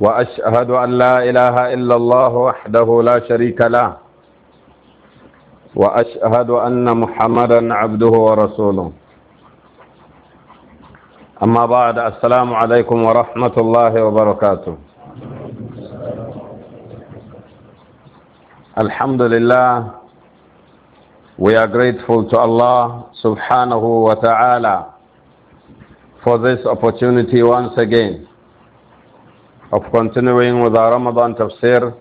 وأشهد أن لا إله إلا الله وحده لا شريك له وأشهد أن محمدا عبده ورسوله أما بعد السلام عليكم ورحمة الله وبركاته الحمد لله we are grateful to Allah subhanahu wa ta'ala for this opportunity once again of continuing with our Ramadan tafsir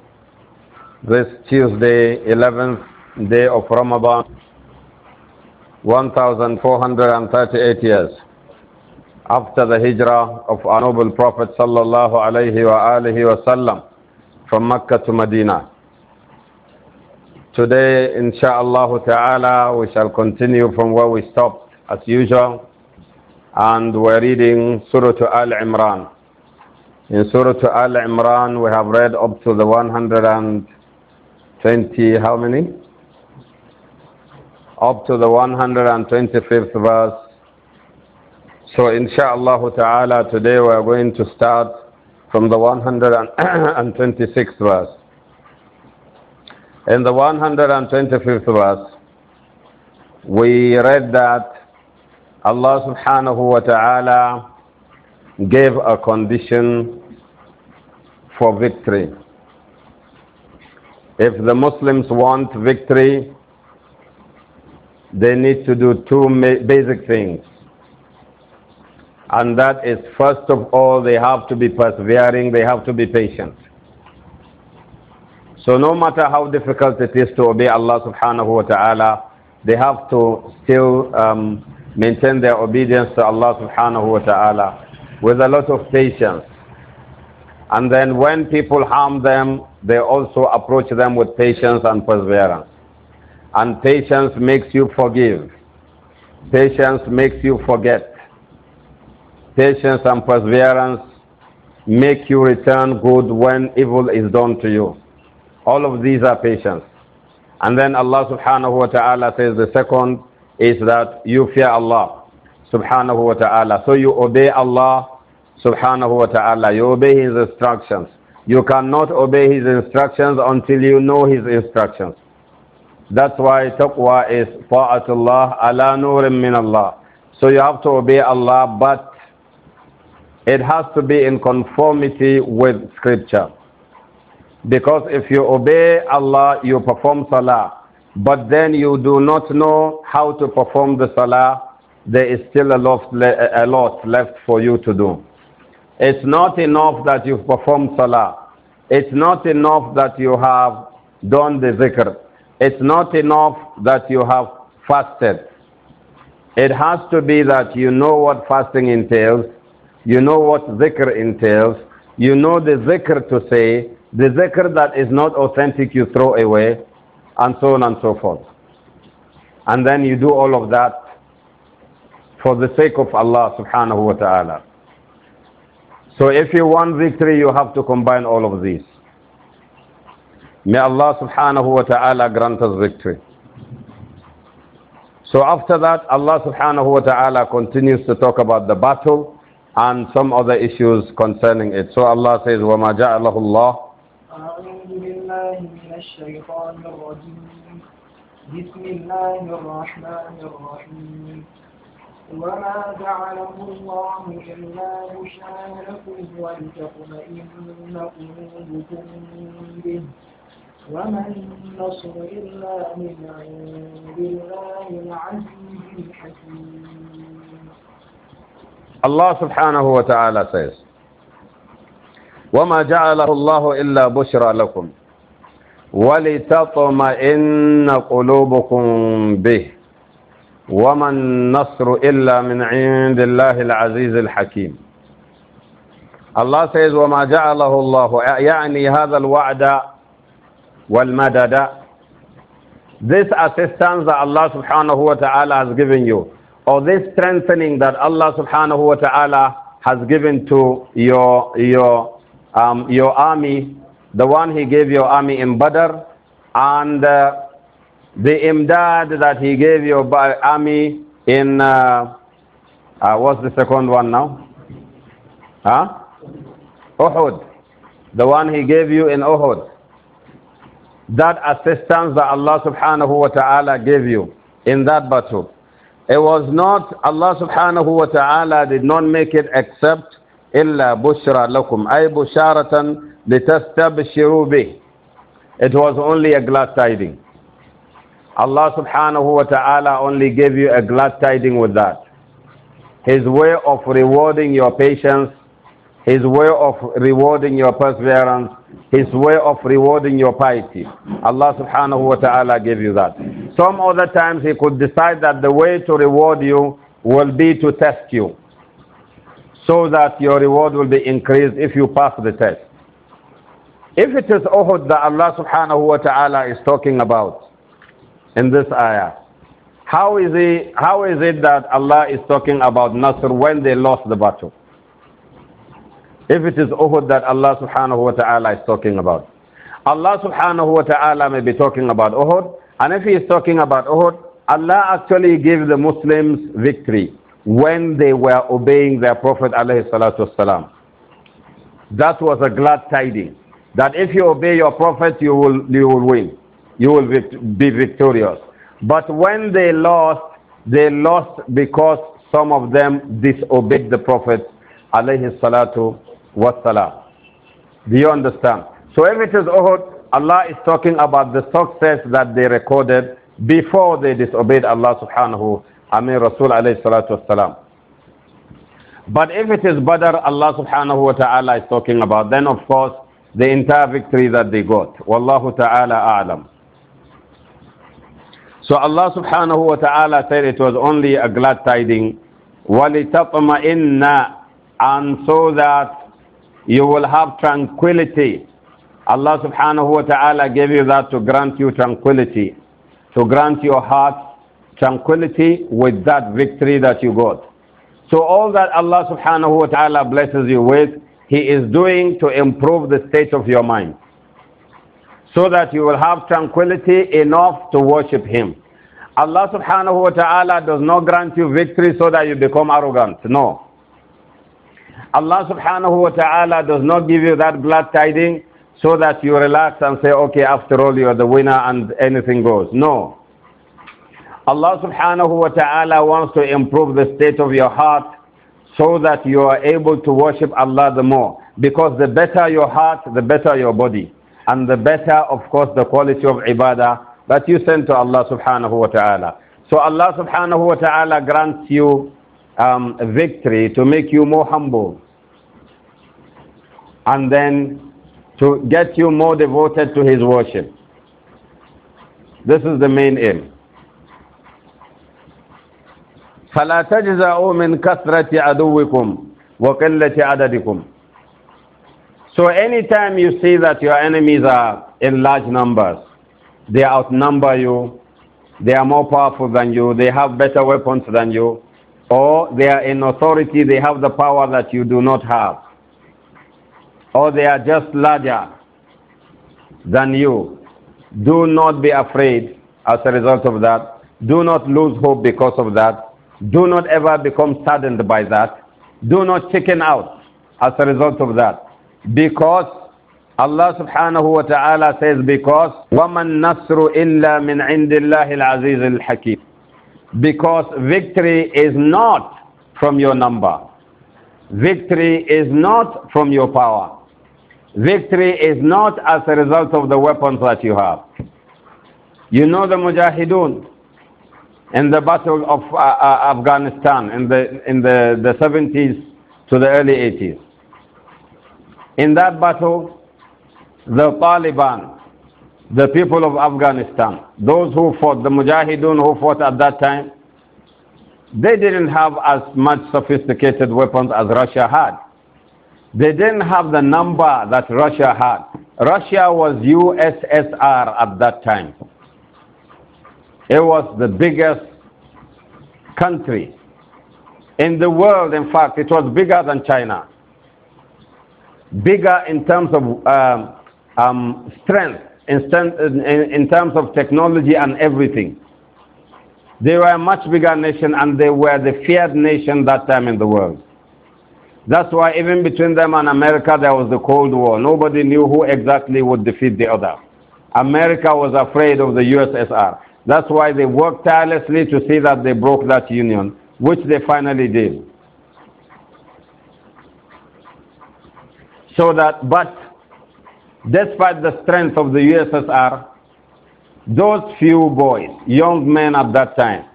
this Tuesday, 11th day of Ramadan, 1438 years after the hijrah of our noble Prophet sallallahu alaihi wasallam from Mecca to Medina. Today, insha'Allah ta'ala, we shall continue from where we stopped as usual and we're reading Surah Al-Imran. In Surah Al Imran, we have read up to the 120, how many? Up to the 125th verse. So, inshallah ta'ala, today we are going to start from the 126th verse. In the 125th verse, we read that Allah subhanahu wa ta'ala gave a condition for victory. If the Muslims want victory, they need to do two basic things. And that is, first of all, they have to be persevering, they have to be patient. So no matter how difficult it is to obey Allah subhanahu wa ta'ala, they have to still um, maintain their obedience to Allah subhanahu wa ta'ala with a lot of patience. And then when people harm them, they also approach them with patience and perseverance. And patience makes you forgive. Patience makes you forget. Patience and perseverance make you return good when evil is done to you. All of these are patience. And then Allah subhanahu wa ta'ala says the second is that you fear Allah subhanahu wa ta'ala. So you obey Allah subhanahu wa ta'ala. You obey his instructions. You cannot obey his instructions until you know his instructions. That's why taqwa is faatullah, ala nurim min Allah. So you have to obey Allah, but it has to be in conformity with scripture. Because if you obey Allah, you perform salah, but then you do not know how to perform the salah, there is still a lot, a lot left for you to do. It's not enough that you've performed salah. It's not enough that you have done the zikr. It's not enough that you have fasted. It has to be that you know what fasting entails, you know what zikr entails, you know the zikr to say, the zikr that is not authentic you throw away, and so on and so forth. And then you do all of that for the sake of Allah subhanahu wa ta'ala. So if you want victory, you have to combine all of these. May Allah subhanahu wa ta'ala grant us victory. So after that, Allah subhanahu wa ta'ala continues to talk about the battle and some other issues concerning it. So Allah says, وَمَا جَعَلَهُ اللَّهُ وما جعله الله إلا بشرى لكم ولتطمئن قلوبكم به وما النصر إلا من عند الله العزيز الحكيم الله سبحانه وتعالى says وما جعله الله إلا بشرى لكم ولتطمئن قلوبكم به وما النصر إلا من عند الله العزيز الحكيم Allah says وما جعله الله يعني هذا الوعد والمدد This assistance that Allah subhanahu wa ta'ala has given you or this strengthening that Allah subhanahu wa ta'ala has given to your, your, um, your army, the one he gave your army in Badr and uh, the imdad that he gave your army in, uh, uh, what's the second one now? Huh? Uhud. The one he gave you in Uhud. That assistance that Allah subhanahu wa ta'ala gave you in that battle. It was not, Allah subhanahu wa ta'ala did not make it except illa بشرى لكم أي بشارة لتستبشروا به. It was only a glad tidings. Allah subhanahu wa ta'ala only gave you a glad tiding with that. His way of rewarding your patience, His way of rewarding your perseverance, His way of rewarding your piety. Allah subhanahu wa ta'ala gave you that. Some other times He could decide that the way to reward you will be to test you so that your reward will be increased if you pass the test. If it is Uhud that Allah subhanahu wa ta'ala is talking about, in this ayah. How is, it, how is it that Allah is talking about Nasr when they lost the battle? If it is Uhud that Allah subhanahu wa ta'ala is talking about. Allah subhanahu wa ta'ala may be talking about Uhud. And if he is talking about Uhud, Allah actually gave the Muslims victory when they were obeying their Prophet alayhi salatu wasalam. That was a glad tidings. That if you obey your Prophet, you will, you will win you will be victorious. But when they lost, they lost because some of them disobeyed the Prophet salatu Do you understand? So if it is Uhud, Allah is talking about the success that they recorded before they disobeyed Allah subhanahu I mean Rasul alayhi salatu wassalam. But if it is Badr, Allah subhanahu wa ta'ala is talking about, then of course the entire victory that they got. Wallahu ta'ala a'lam. So Allah subhanahu wa ta'ala said it was only a glad tiding. وَلِتَطْمَئِنَّ And so that you will have tranquility. Allah subhanahu wa ta'ala gave you that to grant you tranquility. To grant your heart tranquility with that victory that you got. So all that Allah subhanahu wa ta'ala blesses you with, He is doing to improve the state of your mind so that you will have tranquility enough to worship Him. Allah subhanahu wa ta'ala does not grant you victory so that you become arrogant. No. Allah subhanahu wa ta'ala does not give you that glad tidings so that you relax and say, okay, after all, you are the winner and anything goes. No. Allah subhanahu wa ta'ala wants to improve the state of your heart so that you are able to worship Allah the more. Because the better your heart, the better your body and the better, of course, the quality of ibadah that you send to Allah subhanahu wa ta'ala. So Allah subhanahu wa ta'ala grants you um, victory to make you more humble and then to get you more devoted to His worship. This is the main aim. فلا تجزعوا من كثرة عدوكم وقلة عددكم so anytime you see that your enemies are in large numbers, they outnumber you, they are more powerful than you, they have better weapons than you, or they are in authority, they have the power that you do not have, or they are just larger than you, do not be afraid as a result of that. Do not lose hope because of that. Do not ever become saddened by that. Do not chicken out as a result of that. Because Allah subhanahu wa ta'ala says, because وَمَن نَصْرُ إِلَّا مِنْ عِنْدِ اللَّهِ الْعَزِيزِ الْحَكِيمِ Because victory is not from your number. Victory is not from your power. Victory is not as a result of the weapons that you have. You know the Mujahideen in the Battle of uh, uh, Afghanistan in the, in the, the 70s to the early 80s. In that battle, the Taliban, the people of Afghanistan, those who fought, the Mujahideen who fought at that time, they didn't have as much sophisticated weapons as Russia had. They didn't have the number that Russia had. Russia was USSR at that time. It was the biggest country in the world, in fact, it was bigger than China bigger in terms of um, um, strength, in, in, in terms of technology and everything. They were a much bigger nation and they were the feared nation that time in the world. That's why even between them and America there was the Cold War. Nobody knew who exactly would defeat the other. America was afraid of the USSR. That's why they worked tirelessly to see that they broke that union, which they finally did. So that, but despite the strength of the USSR, those few boys, young men at that time,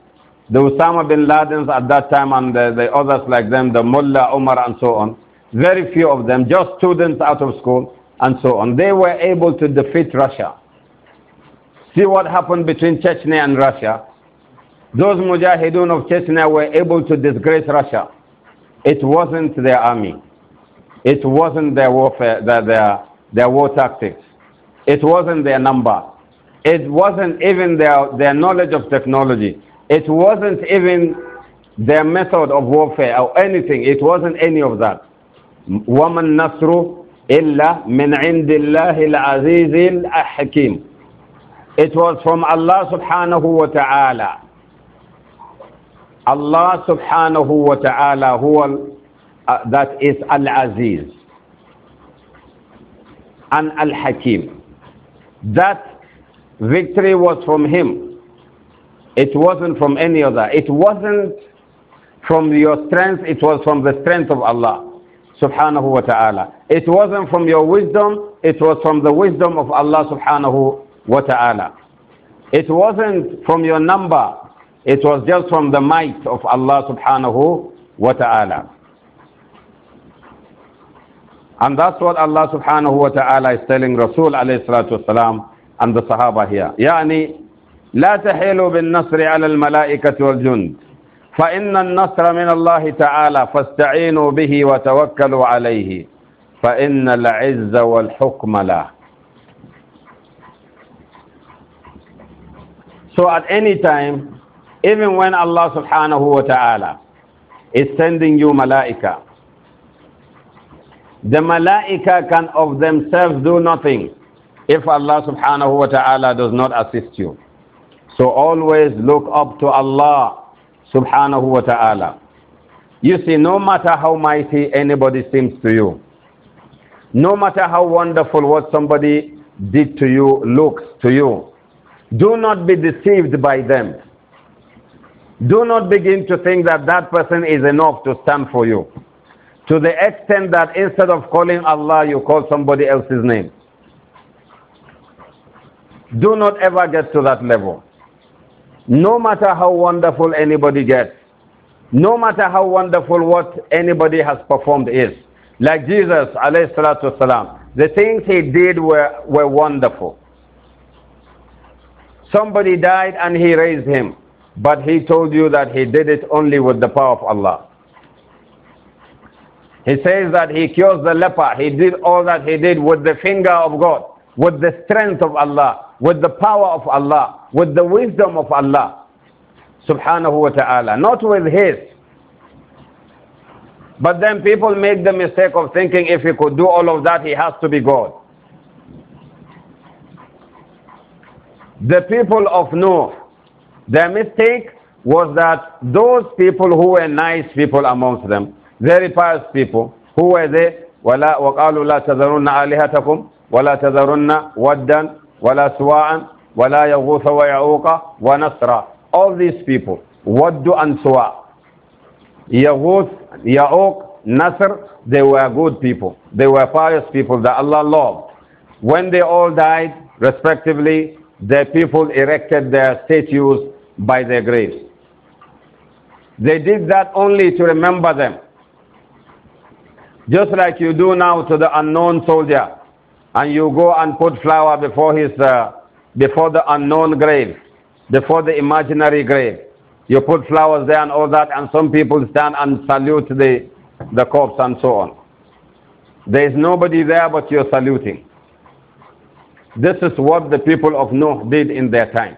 the Osama bin Ladens at that time and the, the others like them, the Mullah, Omar and so on, very few of them, just students out of school and so on, they were able to defeat Russia. See what happened between Chechnya and Russia. Those mujahideen of Chechnya were able to disgrace Russia. It wasn't their army. It wasn't their warfare, their, their, their war tactics. It wasn't their number. It wasn't even their, their knowledge of technology. It wasn't even their method of warfare or anything. It wasn't any of that. وَمَن نَصْرُ إِلَّا مِنْ عِنْدِ اللَّهِ الْعَزِيزِ الْحَكِيمِ It was from Allah subhanahu wa ta'ala. Allah subhanahu wa ta'ala huwa uh, that is Al-Aziz and Al-Hakim. That victory was from him. It wasn't from any other. It wasn't from your strength, it was from the strength of Allah subhanahu wa ta'ala. It wasn't from your wisdom, it was from the wisdom of Allah subhanahu wa ta'ala. It wasn't from your number, it was just from the might of Allah subhanahu wa ta'ala. And that's what Allah subhanahu wa ta'ala is telling Rasul alayhi salatu wasalam and the Sahaba here. Yani, لا تحيلوا بالنصر على الملائكة والجند فإن النصر من الله تعالى فاستعينوا به وتوكلوا عليه فإن العز والحكم له So at any time, even when Allah subhanahu wa ta'ala is sending you malaika, The malaika can of themselves do nothing if Allah subhanahu wa ta'ala does not assist you. So always look up to Allah subhanahu wa ta'ala. You see, no matter how mighty anybody seems to you, no matter how wonderful what somebody did to you looks to you, do not be deceived by them. Do not begin to think that that person is enough to stand for you to the extent that instead of calling Allah, you call somebody else's name. Do not ever get to that level. No matter how wonderful anybody gets, no matter how wonderful what anybody has performed is. Like Jesus, alayhi the things he did were, were wonderful. Somebody died and he raised him, but he told you that he did it only with the power of Allah. He says that he cures the leper. He did all that he did with the finger of God, with the strength of Allah, with the power of Allah, with the wisdom of Allah, subhanahu wa ta'ala, not with his. But then people make the mistake of thinking if he could do all of that, he has to be God. The people of Noah, their mistake was that those people who were nice people amongst them, very pious people. Who were they? ولا وقالوا لا تذرن آلهتكم ولا تذرن ودا ولا سواعا ولا يغوث ويعوق ونصرا all these people ود and سواع يغوث يعوق Nasr they were good people they were pious people that Allah loved when they all died respectively their people erected their statues by their graves they did that only to remember them just like you do now to the unknown soldier, and you go and put flower before his, uh, before the unknown grave, before the imaginary grave. You put flowers there and all that, and some people stand and salute the, the corpse and so on. There is nobody there but you're saluting. This is what the people of Noah did in their time.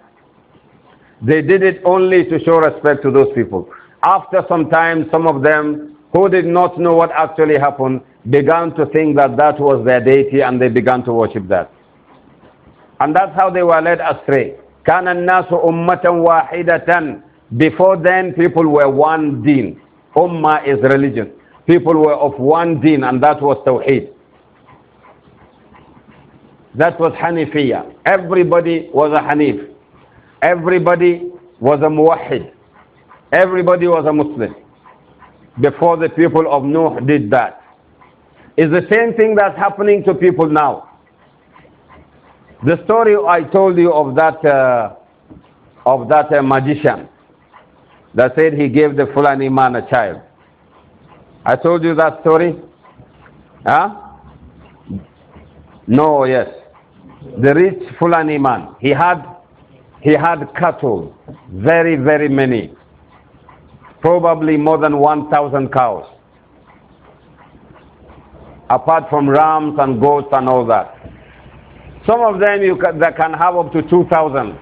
They did it only to show respect to those people. After some time, some of them who did not know what actually happened began to think that that was their deity and they began to worship that. And that's how they were led astray. كان الناس أمة واحدة Before then, people were one deen. Ummah is religion. People were of one deen, and that was Tawheed. That was Hanifiya. Everybody was a Hanif. Everybody was a Muwahid. Everybody was a Muslim before the people of Noah did that. It's the same thing that's happening to people now. The story I told you of that, uh, of that uh, magician that said he gave the Fulani man a child. I told you that story? Huh? No, yes. The rich Fulani man, he had, he had cattle, very, very many probably more than 1,000 cows, apart from rams and goats and all that. Some of them you can, that can have up to 2,000.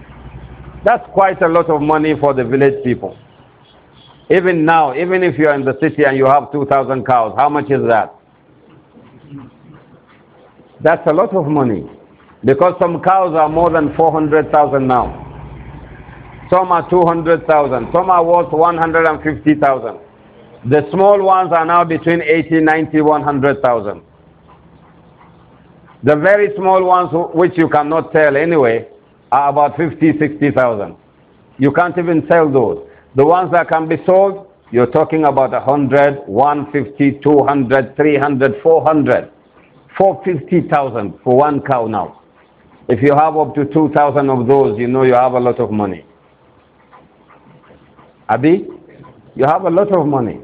That's quite a lot of money for the village people. Even now, even if you're in the city and you have 2,000 cows, how much is that? That's a lot of money because some cows are more than 400,000 now. Some are 200,000. Some are worth 150,000. The small ones are now between 80, 90, 100,000. The very small ones, which you cannot tell anyway, are about 50, 60,000. You can't even sell those. The ones that can be sold, you're talking about 100, 150, 200, 300, 400, 450,000 for one cow now. If you have up to 2,000 of those, you know you have a lot of money. Abi, you have a lot of money.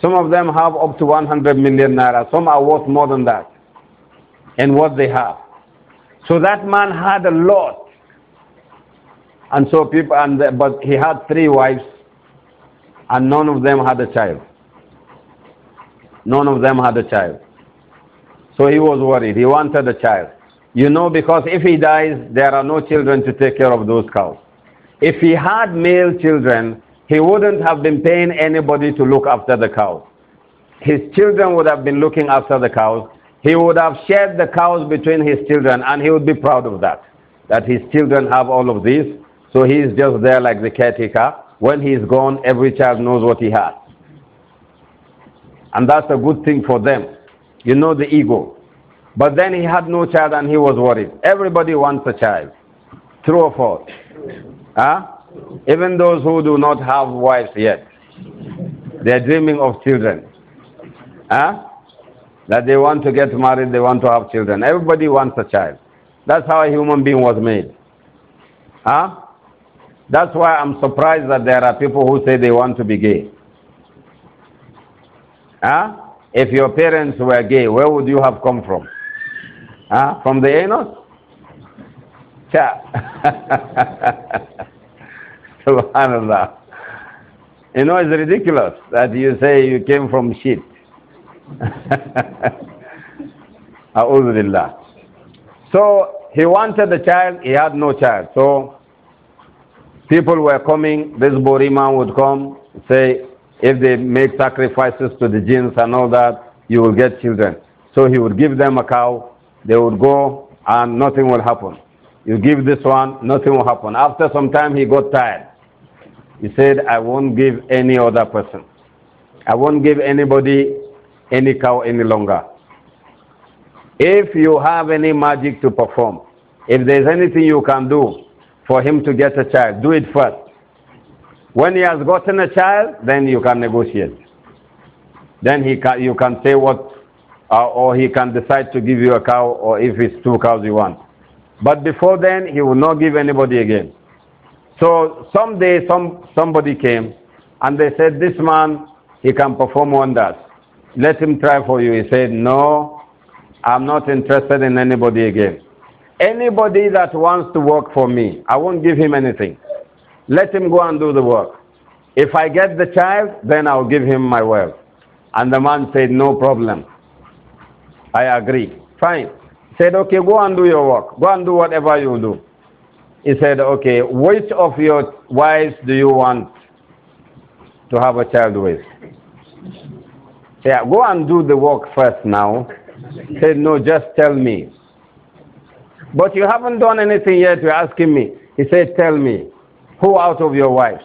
Some of them have up to 100 million naira. Some are worth more than that and what they have. So that man had a lot. And so people, and the, but he had three wives and none of them had a child. None of them had a child. So he was worried. He wanted a child. You know, because if he dies, there are no children to take care of those cows. If he had male children, he wouldn't have been paying anybody to look after the cows. His children would have been looking after the cows. He would have shared the cows between his children, and he would be proud of that, that his children have all of this. So he's just there like the caretaker. When he is gone, every child knows what he has. And that's a good thing for them. You know the ego. But then he had no child and he was worried. Everybody wants a child. True or false? Huh? Even those who do not have wives yet, they're dreaming of children. Huh? That they want to get married, they want to have children. Everybody wants a child. That's how a human being was made. Huh? That's why I'm surprised that there are people who say they want to be gay. Huh? If your parents were gay, where would you have come from? Huh? From the anus? Yeah. Subhanallah. You know, it's ridiculous that you say you came from shit. A'udhu So he wanted a child, he had no child. So people were coming, this Borima would come, say, if they make sacrifices to the jinns and all that, you will get children. So he would give them a cow, they would go, and nothing will happen. You give this one, nothing will happen. After some time, he got tired. He said, I won't give any other person. I won't give anybody any cow any longer. If you have any magic to perform, if there's anything you can do for him to get a child, do it first. When he has gotten a child, then you can negotiate. Then he can, you can say what, uh, or he can decide to give you a cow, or if it's two cows you want. But before then, he will not give anybody again. So someday some, somebody came and they said, this man, he can perform wonders. Let him try for you. He said, no, I'm not interested in anybody again. Anybody that wants to work for me, I won't give him anything. Let him go and do the work. If I get the child, then I'll give him my wealth. And the man said, no problem. I agree. Fine. He said, okay, go and do your work. Go and do whatever you do he said, okay, which of your wives do you want to have a child with? Yeah, go and do the work first now. He said, no, just tell me. But you haven't done anything yet, you're asking me. He said, tell me, who out of your wives?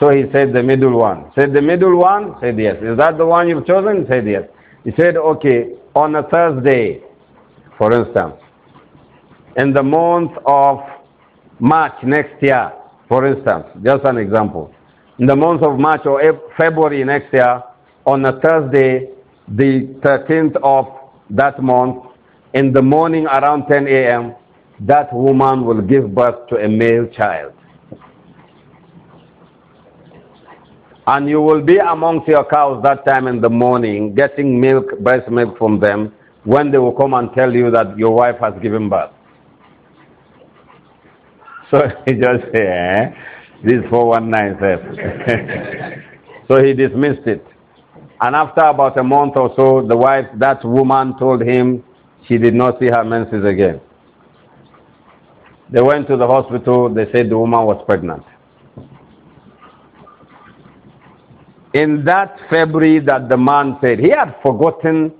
So he said, the middle one. Said, the middle one? Said, yes. Is that the one you've chosen? Said, yes. He said, okay, on a Thursday, for instance, in the month of March next year, for instance, just an example. In the month of March or February next year, on a Thursday, the 13th of that month, in the morning around 10 a.m., that woman will give birth to a male child. And you will be amongst your cows that time in the morning, getting milk, breast milk from them, when they will come and tell you that your wife has given birth. So he just said, eh, this four one nine seven. so he dismissed it. And after about a month or so, the wife, that woman told him she did not see her menses again. They went to the hospital, they said the woman was pregnant. In that February that the man said, he had forgotten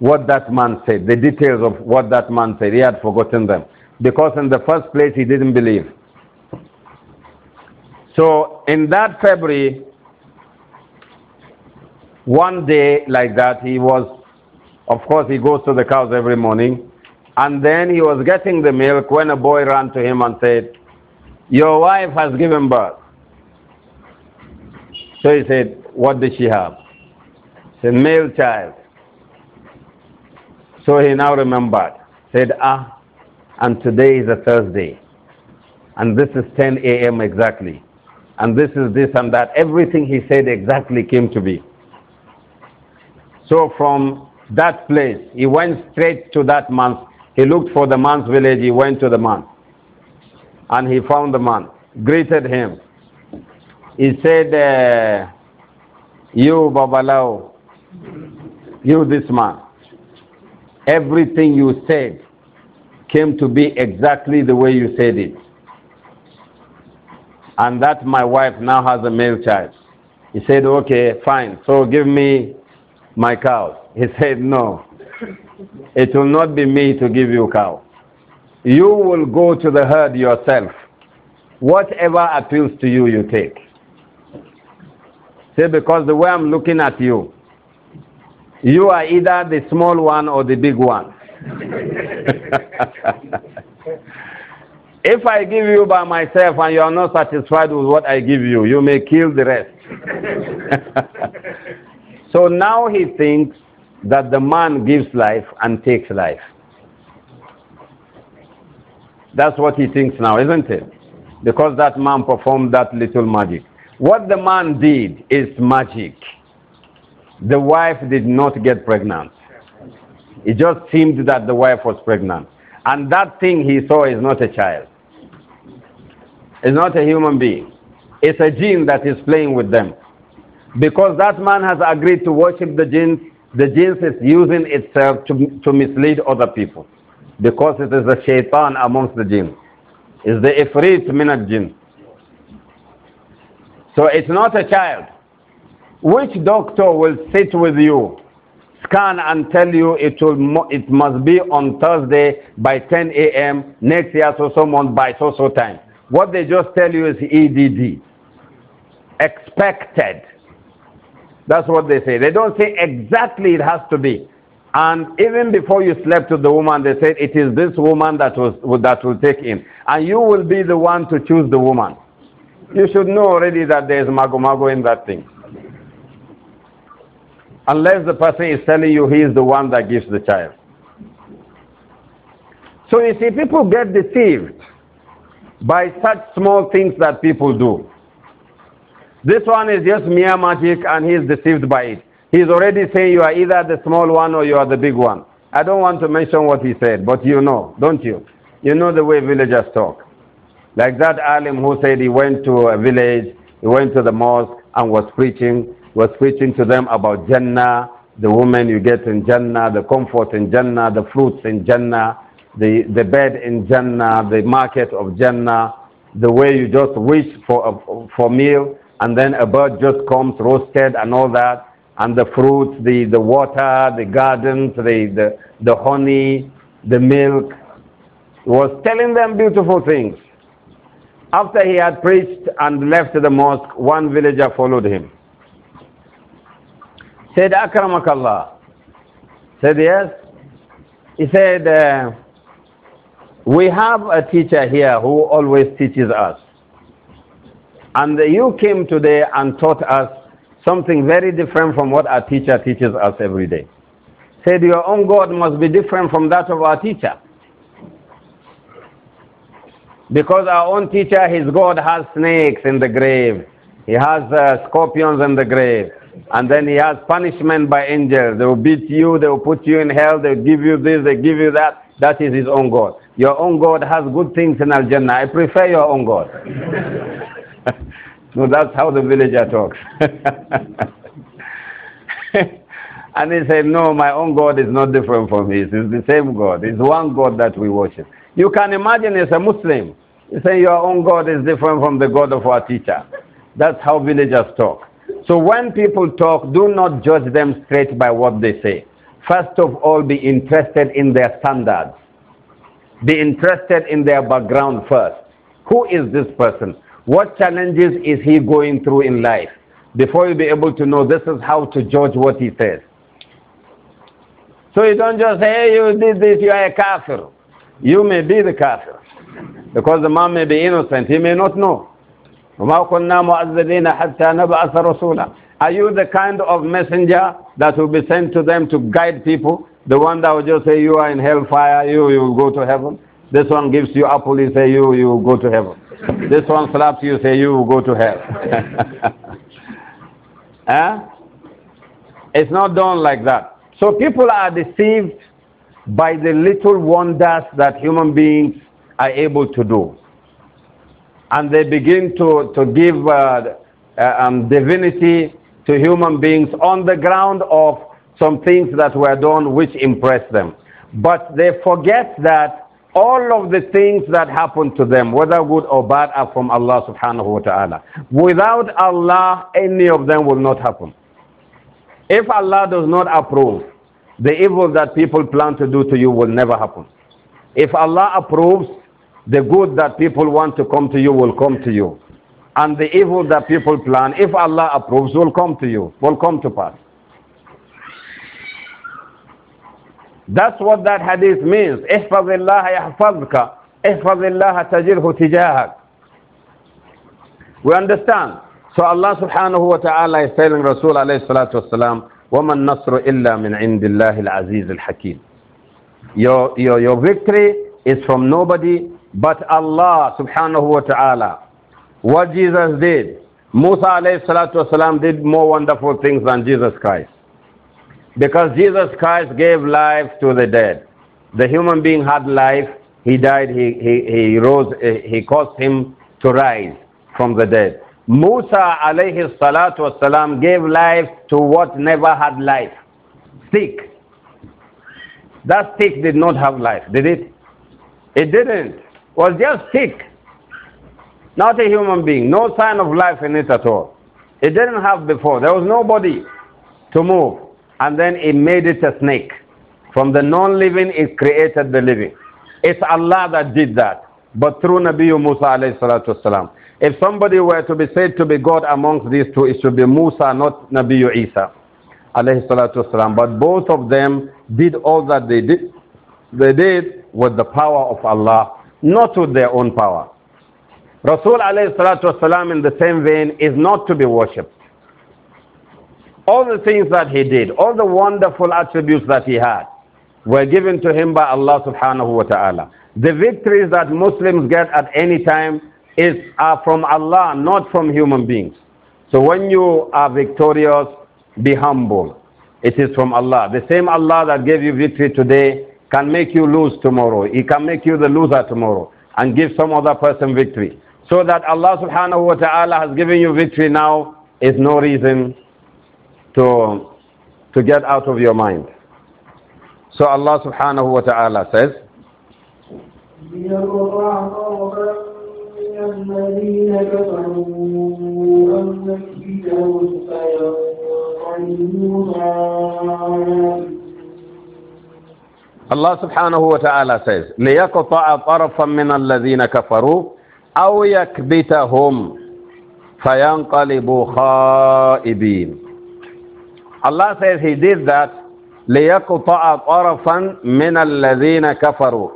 what that man said, the details of what that man said, he had forgotten them because in the first place he didn't believe. So in that February, one day like that, he was, of course, he goes to the cows every morning. And then he was getting the milk when a boy ran to him and said, Your wife has given birth. So he said, What did she have? He said, Male child. So he now remembered. Said, Ah, and today is a Thursday, and this is 10 a.m. exactly, and this is this and that. Everything he said exactly came to be. So from that place, he went straight to that man. He looked for the man's village, he went to the man, and he found the man, greeted him. He said, uh, You, Babalao, you, this man, everything you said came to be exactly the way you said it. And that my wife now has a male child. He said, okay, fine, so give me my cow. He said, no, it will not be me to give you cow. You will go to the herd yourself. Whatever appeals to you, you take. See, because the way I'm looking at you, you are either the small one or the big one. if I give you by myself and you are not satisfied with what I give you, you may kill the rest. so now he thinks that the man gives life and takes life. That's what he thinks now, isn't it? Because that man performed that little magic. What the man did is magic. The wife did not get pregnant. It just seemed that the wife was pregnant. And that thing he saw is not a child. It's not a human being. It's a jinn that is playing with them. Because that man has agreed to worship the jinn, the jinn is using itself to, to mislead other people. Because it is the shaitan amongst the jinn. It's the ifrit min jinn So it's not a child. Which doctor will sit with you scan and tell you it, will, it must be on Thursday by 10 a.m. next year, so so month by so so time. What they just tell you is EDD. Expected. That's what they say. They don't say exactly it has to be. And even before you slept with the woman, they said, It is this woman that, was, that will take in. And you will be the one to choose the woman. You should know already that there is mago mago in that thing unless the person is telling you he is the one that gives the child. So you see, people get deceived by such small things that people do. This one is just mere magic and he is deceived by it. He is already saying you are either the small one or you are the big one. I don't want to mention what he said, but you know, don't you? You know the way villagers talk. Like that alim who said he went to a village, he went to the mosque and was preaching, was preaching to them about Jannah, the woman you get in Jannah, the comfort in Jannah, the fruits in Jannah, the, the bed in Jannah, the market of Jannah, the way you just wish for a for meal and then a bird just comes roasted and all that, and the fruits, the, the water, the gardens, the, the, the honey, the milk. He was telling them beautiful things. After he had preached and left the mosque, one villager followed him. Said, Akramakallah. Said, yes. He said, uh, we have a teacher here who always teaches us. And you came today and taught us something very different from what our teacher teaches us every day. Said, your own God must be different from that of our teacher. Because our own teacher, his God, has snakes in the grave. He has uh, scorpions in the grave. And then he has punishment by angels. They will beat you, they will put you in hell, they will give you this, they give you that. That is his own God. Your own God has good things in Al Jannah. I prefer your own God. so that's how the villager talks. and he said, No, my own God is not different from his. It's the same God. It's one God that we worship. You can imagine as a Muslim, you say your own God is different from the God of our teacher. That's how villagers talk. So when people talk, do not judge them straight by what they say. First of all, be interested in their standards. Be interested in their background first. Who is this person? What challenges is he going through in life? Before you be able to know, this is how to judge what he says. So you don't just say, hey, you did this, you are a kafir. You may be the kafir. Because the man may be innocent, he may not know. وَمَا كُنَّا مُعَذِّبِينَ حَتَّى نَبْعَثَ رَسُولًا Are you the kind of messenger that will be sent to them to guide people? The one that will just say, you are in hellfire, you, you will go to heaven. This one gives you apple, he say, you, you will go to heaven. This one slaps you, say, you will go to hell. eh? It's not done like that. So people are deceived by the little wonders that human beings are able to do and they begin to, to give uh, uh, um, divinity to human beings on the ground of some things that were done which impress them. But they forget that all of the things that happen to them, whether good or bad, are from Allah subhanahu wa ta'ala. Without Allah, any of them will not happen. If Allah does not approve, the evil that people plan to do to you will never happen. If Allah approves, the good that people want to come to you will come to you. And the evil that people plan, if Allah approves, will come to you, will come to pass. That's what that hadith means. We understand. So Allah subhanahu wa ta'ala is telling Rasul alayhi salatu wasalam, وَمَا النَّصْرُ إِلَّا مِنْ عِنْدِ اللَّهِ الْعَزِيزِ الْحَكِيمِ your, your, your victory is from nobody but Allah subhanahu wa ta'ala, what Jesus did, Musa alayhi salatu wasalam did more wonderful things than Jesus Christ. Because Jesus Christ gave life to the dead. The human being had life, he died, he, he, he rose, eh, he caused him to rise from the dead. Musa alayhi salatu wasalam gave life to what never had life. Stick. That stick did not have life, did it? It didn't was just sick. Not a human being. No sign of life in it at all. It didn't have before. There was nobody to move. And then it made it a snake. From the non-living, it created the living. It's Allah that did that. But through Nabi Musa alayhi salatu wasalam. If somebody were to be said to be God amongst these two, it should be Musa, not Nabi Isa alayhi salatu wasalam. But both of them did all that they did. They did with the power of Allah not with their own power. Rasul والسلام, in the same vein is not to be worshipped. All the things that he did, all the wonderful attributes that he had, were given to him by Allah subhanahu wa ta'ala. The victories that Muslims get at any time is, are from Allah, not from human beings. So when you are victorious, be humble. It is from Allah. The same Allah that gave you victory today can make you lose tomorrow. He can make you the loser tomorrow and give some other person victory. So that Allah subhanahu wa ta'ala has given you victory now is no reason to, to get out of your mind. So Allah subhanahu wa ta'ala says, الله سبحانه وتعالى says, لِيَقْطَعَ طَرَفًا مِنَ الَّذِينَ كَفَرُوا أَوْ يَكْبِتَهُمْ فَيَنْقَلِبُوا خَائِبِينَ الله says He did that لِيَقْطَعَ طَرَفًا مِنَ الَّذِينَ كَفَرُوا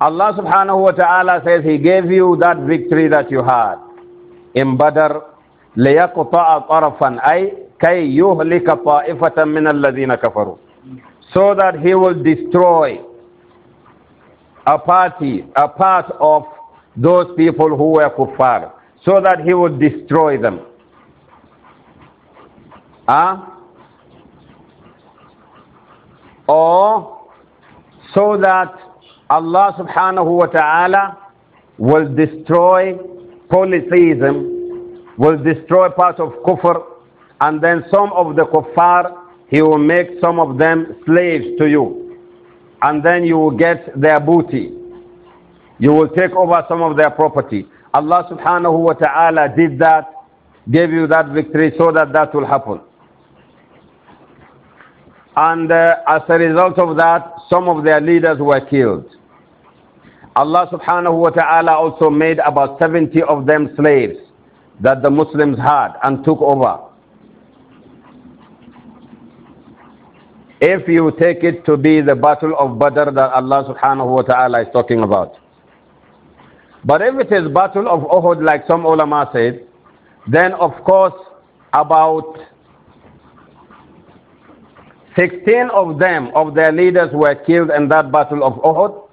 Allah subhanahu wa ta'ala says He gave you that victory that you had in Badr لِيَقْطَعَ طَرَفًا أي كَيْ يُهْلِكَ طَائِفَةً مِنَ الَّذِينَ كَفَرُوا so that he will destroy a party, a part of those people who were kuffar, so that he will destroy them. Huh? Ah? Or so that Allah subhanahu wa ta'ala will destroy polytheism, will destroy part of kufr, and then some of the kuffar he will make some of them slaves to you, and then you will get their booty. You will take over some of their property. Allah subhanahu wa ta'ala did that, gave you that victory so that that will happen. And uh, as a result of that, some of their leaders were killed. Allah subhanahu wa ta'ala also made about 70 of them slaves that the Muslims had and took over. If you take it to be the battle of Badr that Allah subhanahu wa ta'ala is talking about. But if it is battle of Uhud like some ulama said, then of course about 16 of them, of their leaders were killed in that battle of Uhud.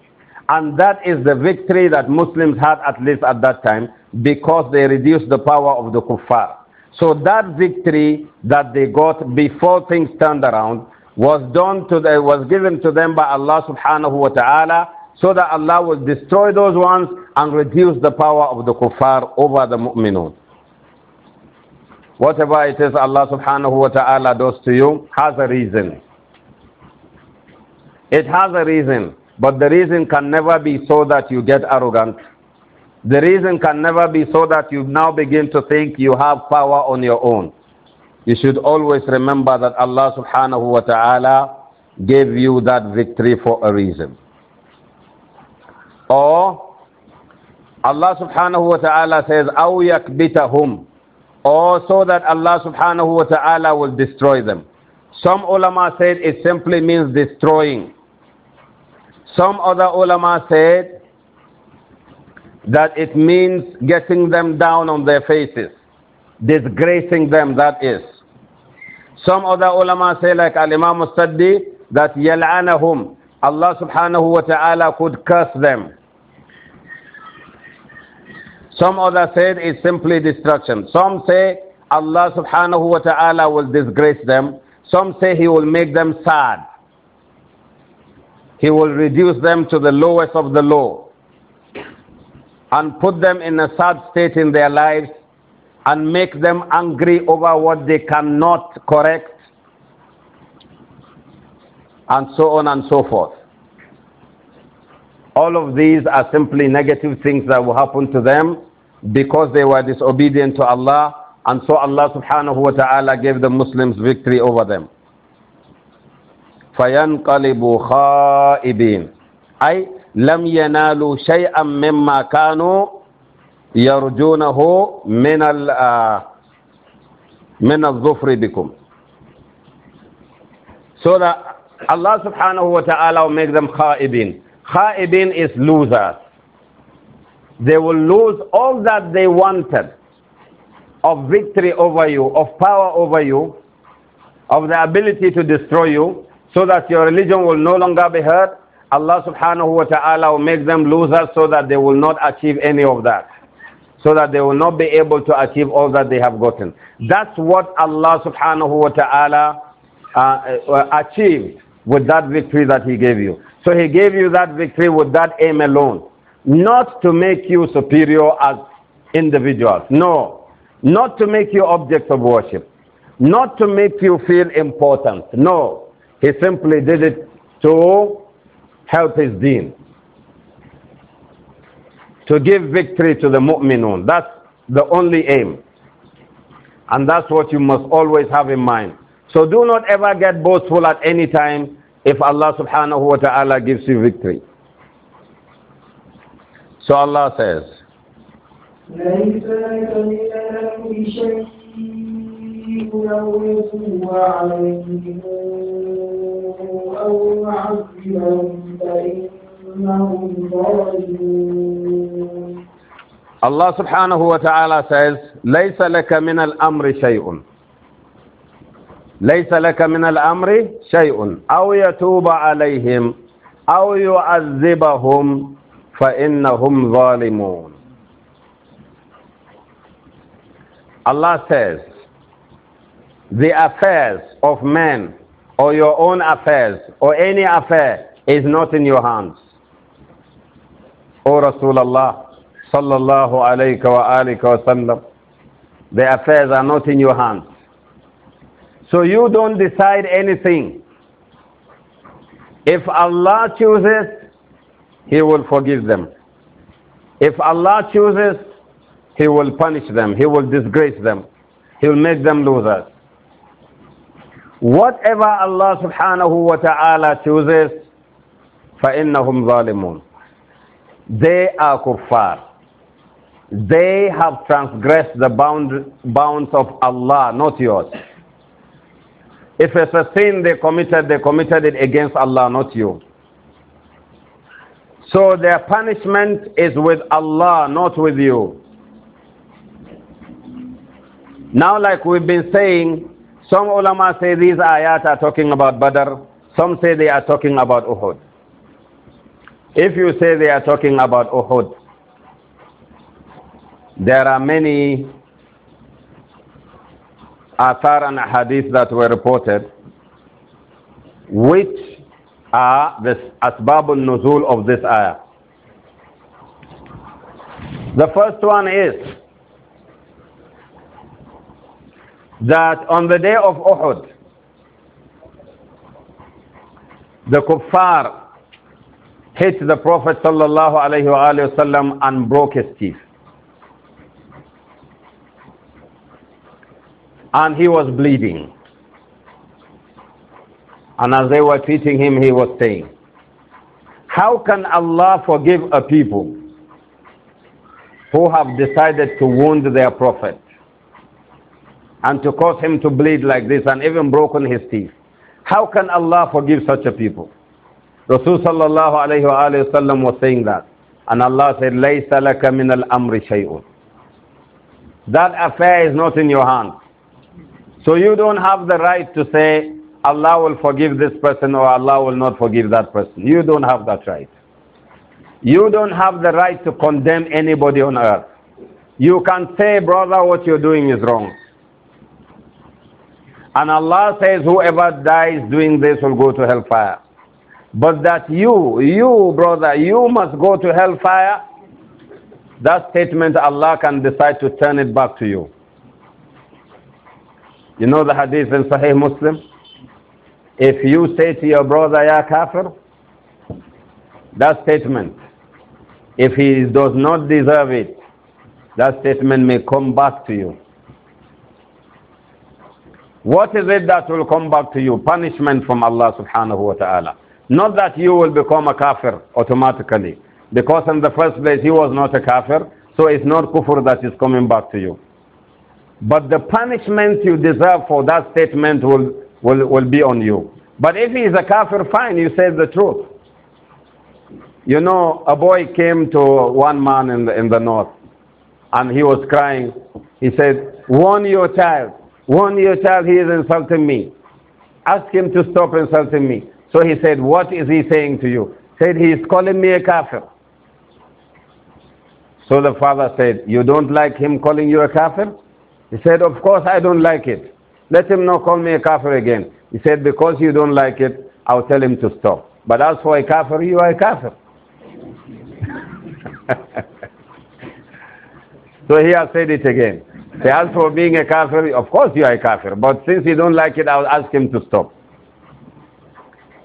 And that is the victory that Muslims had at least at that time because they reduced the power of the kuffar. So that victory that they got before things turned around was done to the, was given to them by Allah subhanahu wa ta'ala so that Allah will destroy those ones and reduce the power of the kuffar over the mu'minun. Whatever it is Allah subhanahu wa ta'ala does to you has a reason. It has a reason, but the reason can never be so that you get arrogant. The reason can never be so that you now begin to think you have power on your own. You should always remember that Allah subhanahu wa ta'ala gave you that victory for a reason. Or Allah subhanahu wa ta'ala says, أَوْ يَكْبِتَهُمْ Or so that Allah subhanahu wa ta'ala will destroy them. Some ulama said it simply means destroying. Some other ulama said that it means getting them down on their faces, disgracing them, that is. Some other ulama say, like Al-Imam Musaddi, that يَلْعَنَهُمْ Allah subhanahu wa ta'ala could curse them. Some other said it's simply destruction. Some say Allah subhanahu wa ta'ala will disgrace them. Some say He will make them sad. He will reduce them to the lowest of the low and put them in a sad state in their lives and make them angry over what they cannot correct, and so on and so forth. All of these are simply negative things that will happen to them because they were disobedient to Allah, and so Allah subhanahu wa ta'ala gave the Muslims victory over them. فَيَنْقَلِبُوا خَائِبِينَ أي لم ينالوا شيئا مما كانوا يرجونه من من الظفر بكم so that Allah subhanahu wa ta'ala will make them خائبين. خائبين is losers they will lose all that they wanted of victory over you of power over you of the ability to destroy you so that your religion will no longer be heard Allah subhanahu wa ta'ala will make them losers so that they will not achieve any of that so that they will not be able to achieve all that they have gotten. That's what Allah subhanahu wa ta'ala uh, uh, achieved with that victory that He gave you. So He gave you that victory with that aim alone, not to make you superior as individuals. No, not to make you objects of worship, not to make you feel important. No, He simply did it to help His deen to give victory to the mu'minun. That's the only aim. And that's what you must always have in mind. So do not ever get boastful at any time if Allah subhanahu wa ta'ala gives you victory. So Allah says, الله سبحانه وتعالى says, لَيْسَ لَكَ مِنَ الْأَمْرِ شَيْءٌ لَيْسَ لَكَ مِنَ الْأَمْرِ شَيْءٌ أَوْ يَتُوبَ عَلَيْهِمْ أَوْ يُعَذِّبَهُمْ فَإِنَّهُمْ ظَالِمُونَ Allah says, the affairs of men or your own affairs or any affair is not in your hands. O Rasulullah sallallahu alayka wa alihi wasallam, the affairs are not in your hands. So you don't decide anything. If Allah chooses, He will forgive them. If Allah chooses, He will punish them. He will disgrace them. He will make them losers. Whatever Allah subhanahu wa ta'ala chooses, فَإِنَّهُمْ ظَالِمُونَ they are kuffar. They have transgressed the bound, bounds of Allah, not yours. If it's a sin they committed, they committed it against Allah, not you. So their punishment is with Allah, not with you. Now, like we've been saying, some ulama say these ayat are talking about Badr, some say they are talking about Uhud. If you say they are talking about Uhud, there are many athar and hadith that were reported, which are the asbab nuzul of this ayah. The first one is that on the day of Uhud, the kuffar hit the Prophet sallallahu and broke his teeth. And he was bleeding. And as they were treating him, he was saying, How can Allah forgive a people who have decided to wound their prophet and to cause him to bleed like this and even broken his teeth? How can Allah forgive such a people? Rasul sallallahu alayhi wa sallam was saying that. And Allah said, لَيْسَ لَكَ مِنَ الْأَمْرِ شَيْءٌ That affair is not in your hand. So you don't have the right to say, Allah will forgive this person or Allah will not forgive that person. You don't have that right. You don't have the right to condemn anybody on earth. You can say, brother, what you're doing is wrong. And Allah says, whoever dies doing this will go to hellfire. But that you, you brother, you must go to hellfire, that statement Allah can decide to turn it back to you. You know the hadith in Sahih Muslim? If you say to your brother, Ya Kafir, that statement, if he does not deserve it, that statement may come back to you. What is it that will come back to you? Punishment from Allah subhanahu wa ta'ala. Not that you will become a kafir automatically, because in the first place he was not a kafir, so it's not kufr that is coming back to you. But the punishment you deserve for that statement will, will, will be on you. But if he is a kafir, fine, you said the truth. You know, a boy came to one man in the, in the north and he was crying. He said, Warn your child, warn your child, he is insulting me. Ask him to stop insulting me. So he said, What is he saying to you? Said, He is calling me a kafir. So the father said, You don't like him calling you a kafir? He said, Of course I don't like it. Let him not call me a kafir again. He said, Because you don't like it, I'll tell him to stop. But as for a kafir, you are a kafir. so he has said it again. as for being a kafir, of course you are a kafir. But since you don't like it, I'll ask him to stop.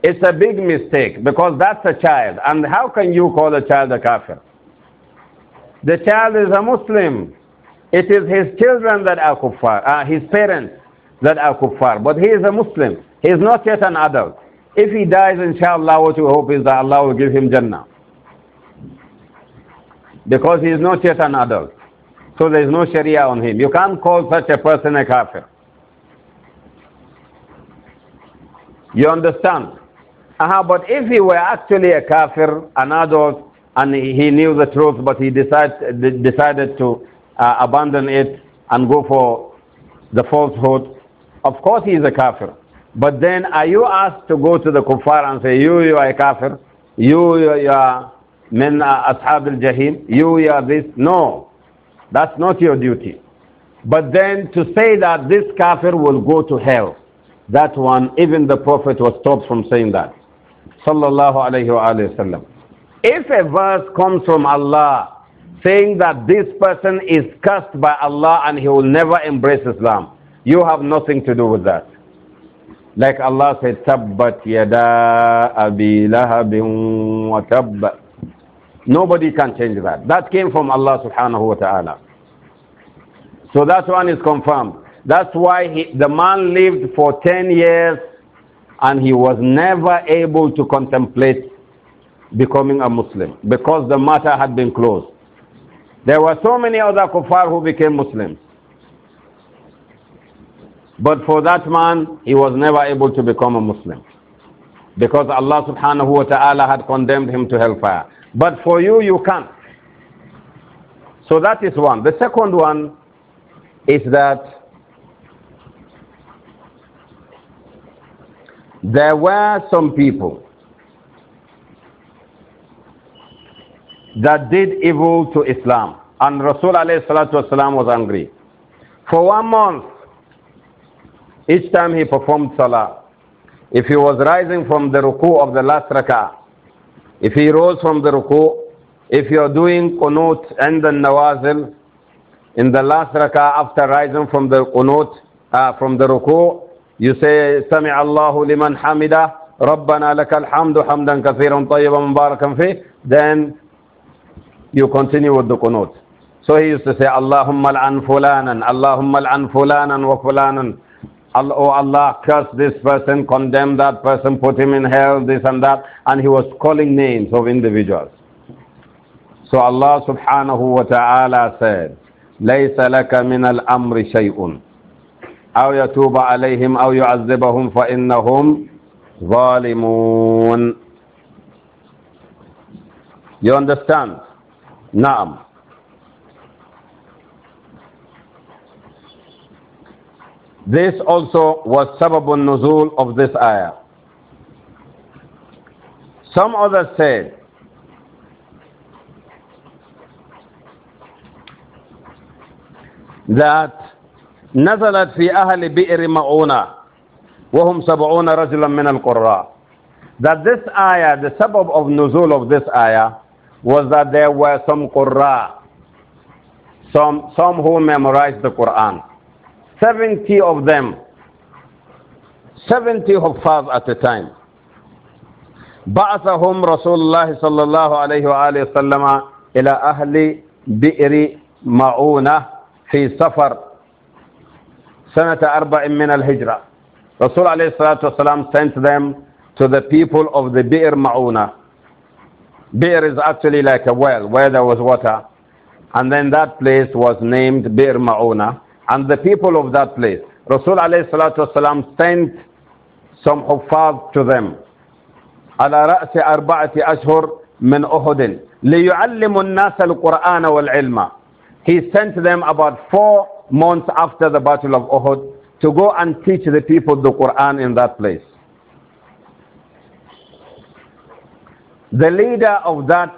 It's a big mistake because that's a child. And how can you call a child a kafir? The child is a Muslim. It is his children that are kuffar, uh, his parents that are kuffar. But he is a Muslim. He is not yet an adult. If he dies, inshallah, what we hope is that Allah will give him Jannah. Because he is not yet an adult. So there is no Sharia on him. You can't call such a person a kafir. You understand? Uh-huh, but if he were actually a kafir, an adult, and he knew the truth, but he decide, decided to uh, abandon it and go for the falsehood, of course he is a kafir. But then are you asked to go to the kuffar and say, you, you are a kafir, you, you, you are min uh, ashab al-jahim, you, you are this? No, that's not your duty. But then to say that this kafir will go to hell, that one, even the Prophet was stopped from saying that. Sallallahu alayhi wasallam. If a verse comes from Allah saying that this person is cursed by Allah and he will never embrace Islam, you have nothing to do with that. Like Allah said, Tabbat yada abi wa tabba. Nobody can change that. That came from Allah subhanahu wa ta'ala. So that one is confirmed. That's why he, the man lived for 10 years and he was never able to contemplate becoming a Muslim because the matter had been closed. There were so many other kuffar who became Muslims. But for that man, he was never able to become a Muslim. Because Allah subhanahu wa ta'ala had condemned him to hellfire. But for you, you can't. So that is one. The second one is that there were some people that did evil to Islam. And Rasul والسلام, was angry. For one month, each time he performed salah, if he was rising from the ruku of the last rak'ah, if he rose from the ruku, if you are doing qunut and the nawazil in the last rak'ah after rising from the qunut, uh, from the ruku, You say, سمع الله لمن حمده ربنا لك الحمد حمدا كثيرا طيبا مباركا فيه. Then you continue with the qunut. So he used to say, اللهم العن فلانا اللهم العن فلانا وفلانا Oh Allah, curse this person, condemn that person, put him in hell, this and that. And he was calling names of individuals. So Allah subhanahu wa ta'ala said, ليس لك من الأمر شيء أو يتوب عليهم أو يعذبهم فإنهم ظالمون You understand? نعم This also was sabab nuzul of this ayah. Some others said, that نزلت في أهل بئر معونة وهم سبعون رجلا من القراء that this ayah, the suburb of nuzul of this ayah was that there were some قراء some, some who memorized the Quran. 70 of them, 70 of five at a time. بعثهم رسول الله صلى الله عليه وآله وسلم إلى أهل بئر معونة في سفر سَنَةَ أَرْبَعٍ مِنَ الْهِجْرَةِ Rasul alayhi salatu wasalam sent them to the people of the Bi'r Ma'una. Bi'r is actually like a well where there was water. And then that place was named Bi'r Ma'una. And the people of that place, Rasul alayhi salatu wasalam sent some Huffaz to them. على رأس أربعة أشهر من أحد ليعلموا الناس القرآن والعلم He sent them about four months after the Battle of Uhud to go and teach the people the Quran in that place. The leader of that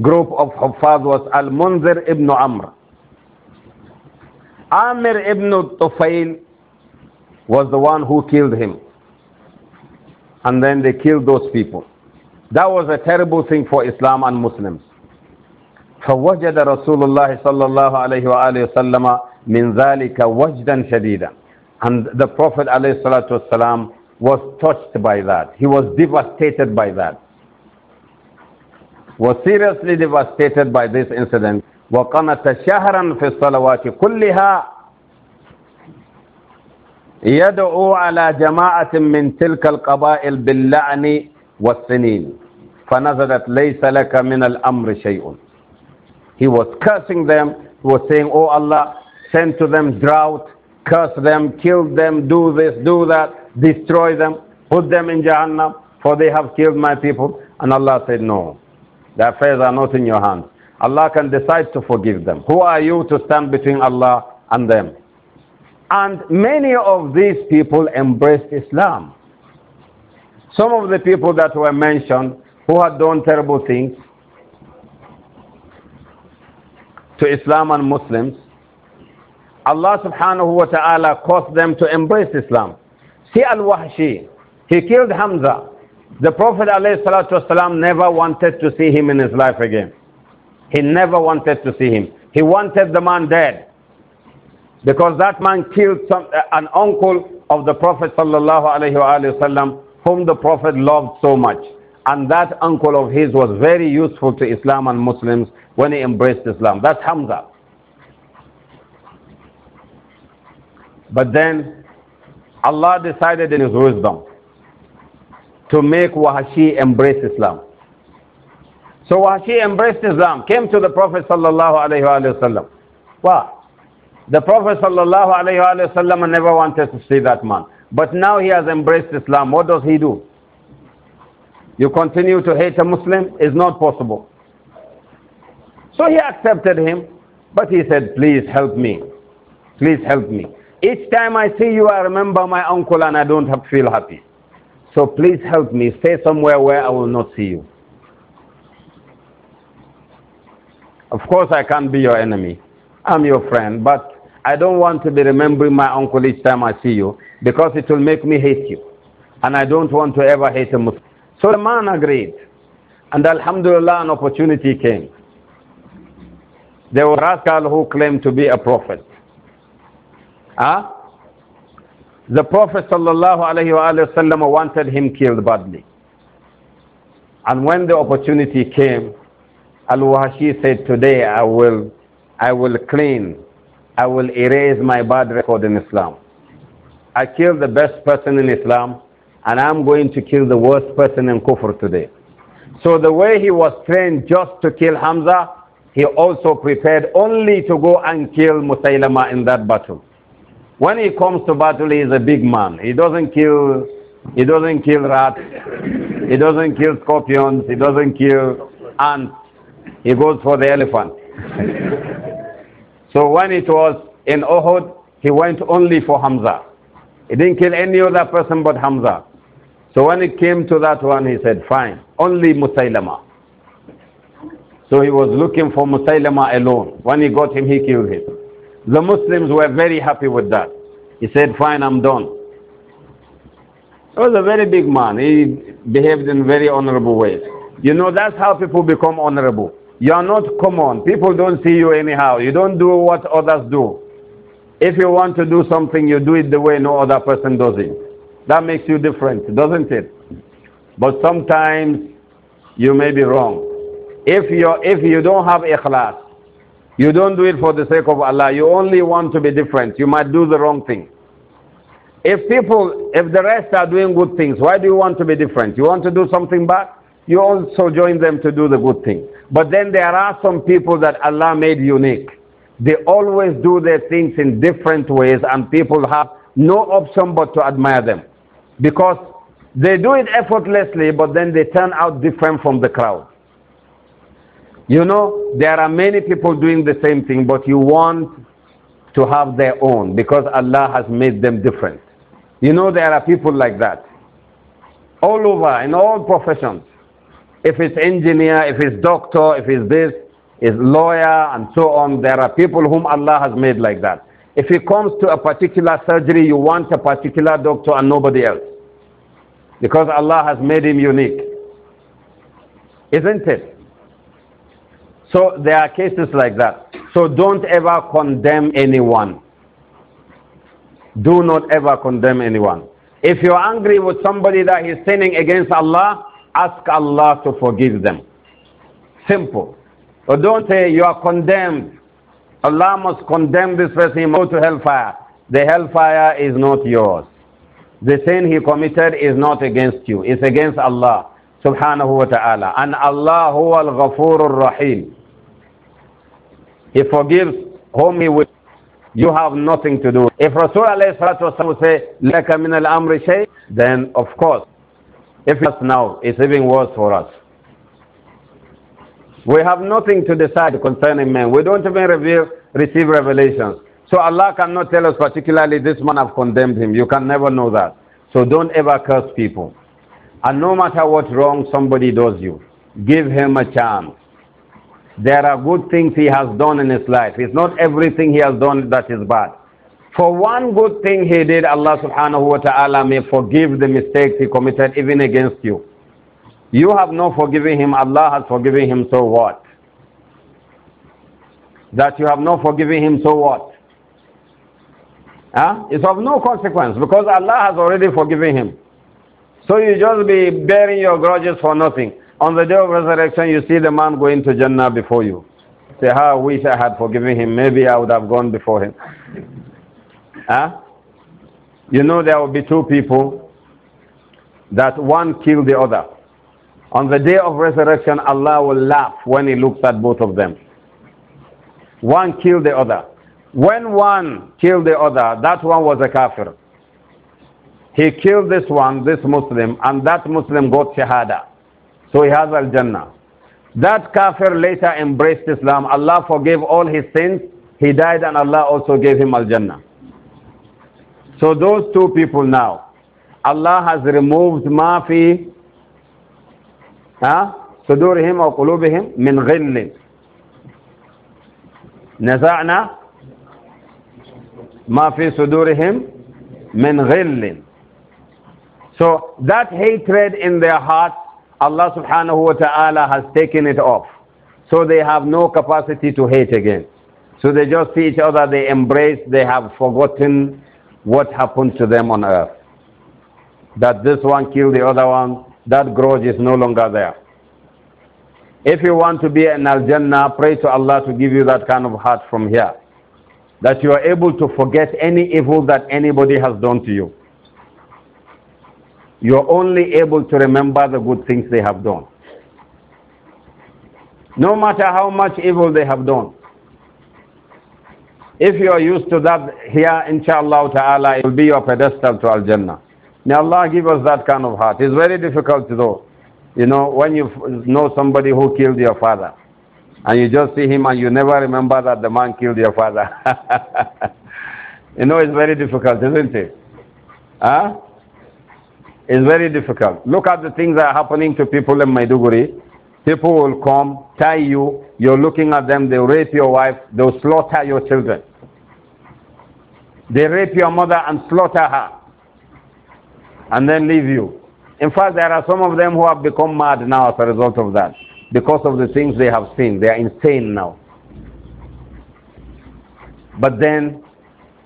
group of Huffaz was Al Munzir ibn Amr. Amir ibn Tufayl was the one who killed him. And then they killed those people. That was a terrible thing for Islam and Muslims. فوجد رسول الله صلى الله عليه وآله وسلم من ذلك وجدا شديدا and the Prophet عليه الصلاة والسلام was touched by that he was devastated by that was seriously devastated by this incident وقنت شهرا في الصلوات كلها يدعو على جماعة من تلك القبائل باللعن والسنين فنزلت ليس لك من الأمر شيء He was cursing them. He was saying, Oh Allah, send to them drought, curse them, kill them, do this, do that, destroy them, put them in Jahannam, for they have killed my people. And Allah said, No, their affairs are not in your hands. Allah can decide to forgive them. Who are you to stand between Allah and them? And many of these people embraced Islam. Some of the people that were mentioned who had done terrible things, to Islam and Muslims, Allah subhanahu wa ta'ala caused them to embrace Islam. See Al-Wahshi, he killed Hamza. The Prophet ﷺ never wanted to see him in his life again. He never wanted to see him. He wanted the man dead. Because that man killed some, uh, an uncle of the Prophet ﷺ whom the Prophet loved so much. And that uncle of his was very useful to Islam and Muslims when he embraced Islam. That's Hamza. But then Allah decided in His wisdom to make Wahashi embrace Islam. So Wahashi embraced Islam, came to the Prophet sallallahu alaihi wasallam. Wow. The Prophet sallallahu alaihi wasallam never wanted to see that man. But now he has embraced Islam. What does he do? You continue to hate a Muslim? It's not possible. So he accepted him, but he said, please help me. Please help me. Each time I see you, I remember my uncle and I don't have, feel happy. So please help me. Stay somewhere where I will not see you. Of course, I can't be your enemy. I'm your friend, but I don't want to be remembering my uncle each time I see you because it will make me hate you. And I don't want to ever hate a Muslim. So the man agreed. And Alhamdulillah, an opportunity came. They were rascal who claimed to be a prophet. Huh? The Prophet wasallam wanted him killed badly. And when the opportunity came, Al-Wahashi said, today I will, I will clean, I will erase my bad record in Islam. I killed the best person in Islam and I'm going to kill the worst person in Kufr today. So the way he was trained just to kill Hamza, he also prepared only to go and kill Musaylama in that battle. When he comes to battle, he is a big man. He doesn't kill, he doesn't kill rats, he doesn't kill scorpions, he doesn't kill ants. He goes for the elephant. so when it was in Uhud, he went only for Hamza. He didn't kill any other person but Hamza. So when it came to that one, he said, fine, only Musaylama. So he was looking for Musaylama alone. When he got him, he killed him. The Muslims were very happy with that. He said, fine, I'm done. He was a very big man. He behaved in very honorable ways. You know, that's how people become honorable. You are not common. People don't see you anyhow. You don't do what others do. If you want to do something, you do it the way no other person does it. That makes you different, doesn't it? But sometimes you may be wrong. If, you if you don't have ikhlas, you don't do it for the sake of Allah, you only want to be different, you might do the wrong thing. If people, if the rest are doing good things, why do you want to be different? You want to do something bad? You also join them to do the good thing. But then there are some people that Allah made unique. They always do their things in different ways, and people have no option but to admire them. Because they do it effortlessly, but then they turn out different from the crowd. You know, there are many people doing the same thing, but you want to have their own because Allah has made them different. You know, there are people like that all over in all professions. If it's engineer, if it's doctor, if it's this, it's lawyer, and so on. There are people whom Allah has made like that. If it comes to a particular surgery, you want a particular doctor and nobody else. Because Allah has made him unique. Isn't it? So there are cases like that. So don't ever condemn anyone. Do not ever condemn anyone. If you're angry with somebody that is sinning against Allah, ask Allah to forgive them. Simple. But don't say you are condemned. Allah must condemn this person, he must go to hellfire. The hellfire is not yours. The sin he committed is not against you, it's against Allah subhanahu wa ta'ala. And Allah huwa al al rahim. He forgives whom he will. You have nothing to do. If Rasulullah would say, Laka min al amri shay, then of course, if us now, it's even worse for us. We have nothing to decide concerning men. We don't even reveal, receive revelations. So Allah cannot tell us particularly this man have condemned him. You can never know that. So don't ever curse people. And no matter what wrong somebody does you, give him a chance. There are good things he has done in his life. It's not everything he has done that is bad. For one good thing he did, Allah subhanahu wa ta'ala may forgive the mistakes he committed even against you. You have not forgiven him, Allah has forgiven him, so what? That you have not forgiven him, so what? Huh? It's of no consequence because Allah has already forgiven him. So you just be bearing your grudges for nothing. On the day of resurrection, you see the man going to Jannah before you. Say, how I wish I had forgiven him. Maybe I would have gone before him. Huh? You know, there will be two people that one killed the other. On the day of resurrection, Allah will laugh when He looks at both of them. One killed the other. When one killed the other, that one was a kafir. He killed this one, this Muslim, and that Muslim got shahada. So he has Al Jannah. That kafir later embraced Islam. Allah forgave all his sins. He died and Allah also gave him Al Jannah. So those two people now, Allah has removed mafi. fi صدورهم أو قلوبهم من غل نزعنا ما في صدورهم من غل So that hatred in their hearts. Allah subhanahu wa ta'ala has taken it off. So they have no capacity to hate again. So they just see each other, they embrace, they have forgotten what happened to them on earth. That this one killed the other one, that grudge is no longer there. If you want to be an Al Jannah, pray to Allah to give you that kind of heart from here. That you are able to forget any evil that anybody has done to you you're only able to remember the good things they have done. No matter how much evil they have done. If you are used to that here, inshallah ta'ala, it will be your pedestal to Al-Jannah. May Allah give us that kind of heart. It's very difficult though. You know, when you know somebody who killed your father, and you just see him and you never remember that the man killed your father. you know, it's very difficult, isn't it? Huh? It's very difficult. Look at the things that are happening to people in Maiduguri. People will come, tie you, you're looking at them, they'll rape your wife, they'll slaughter your children. They rape your mother and slaughter her and then leave you. In fact, there are some of them who have become mad now as a result of that because of the things they have seen. They are insane now. But then,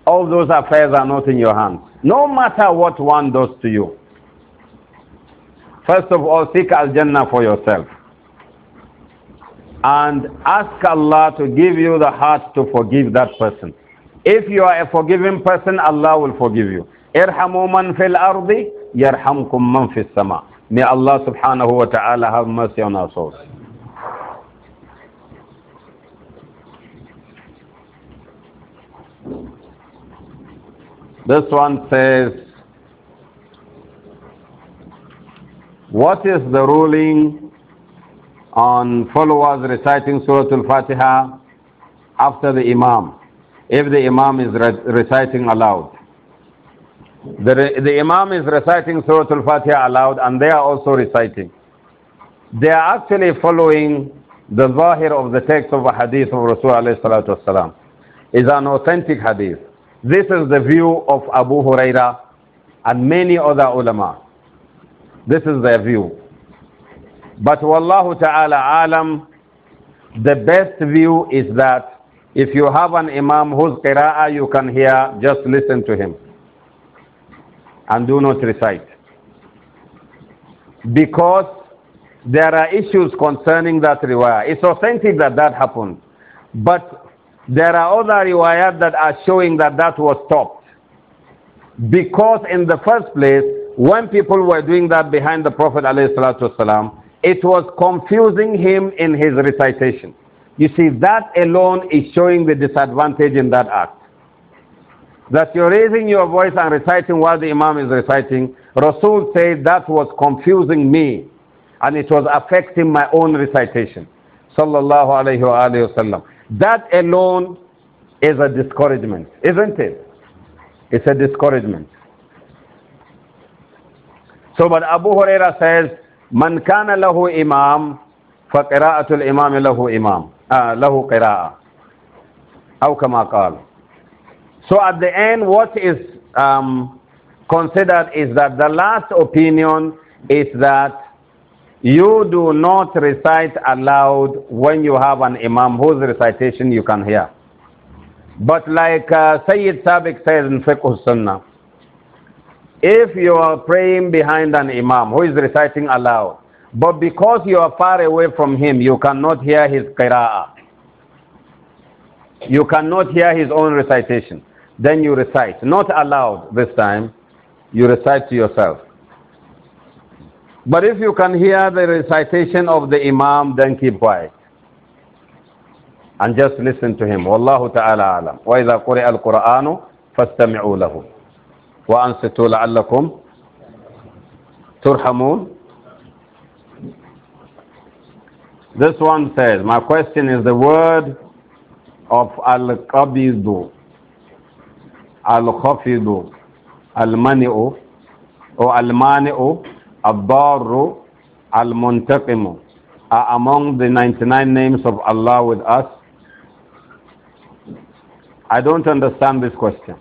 all those affairs are not in your hands. No matter what one does to you, First of all, seek Al Jannah for yourself. And ask Allah to give you the heart to forgive that person. If you are a forgiving person, Allah will forgive you. Irhamu man fil ardi, yarhamkum man fil sama. May Allah subhanahu wa ta'ala have mercy on our souls. This one says, What is the ruling on followers reciting Surah Al-Fatiha after the Imam, if the Imam is re reciting aloud? The, the Imam is reciting Surah Al-Fatiha aloud and they are also reciting. They are actually following the zahir of the text of a hadith of Rasulullah is an authentic hadith. This is the view of Abu Huraira and many other ulama. This is their view. But Wallahu ta'ala alam, the best view is that if you have an imam whose qira'ah you can hear, just listen to him and do not recite. Because there are issues concerning that riwayah. It's authentic that that happened. But there are other riwayat that are showing that that was stopped. Because in the first place, when people were doing that behind the Prophet والسلام, it was confusing him in his recitation. You see, that alone is showing the disadvantage in that act. That you're raising your voice and reciting while the Imam is reciting, Rasul said that was confusing me and it was affecting my own recitation. Sallallahu Alaihi Wasallam. alayhi wa sallam. That alone is a discouragement, isn't it? It's a discouragement. So, but Abu Huraira says, Man kana lahu imam, فَقِرَاءَةُ imam لَهُ imam, uh, له قِرَاءَةٌ أو كما قال. So at the end, what is um, considered is that the last opinion is that you do not recite aloud when you have an imam whose recitation you can hear. But like uh, Sayyid Sabiq says in Fiqh Sunnah, if you are praying behind an imam who is reciting aloud, but because you are far away from him, you cannot hear his qira'ah. You cannot hear his own recitation. Then you recite, not aloud this time, you recite to yourself. But if you can hear the recitation of the imam, then keep quiet. And just listen to him. Wallahu ta'ala alam. وَإِذَا al الْقُرْآنُ فَاسْتَمِعُوا لَهُ وأنصتوا لعلكم ترحمون This one says, my question is the word of Al-Qabidu, Al-Khafidu, Al-Mani'u, or Al-Mani'u, Al-Darru, Al-Muntaqimu are among the 99 names of Allah with us? I don't understand this question.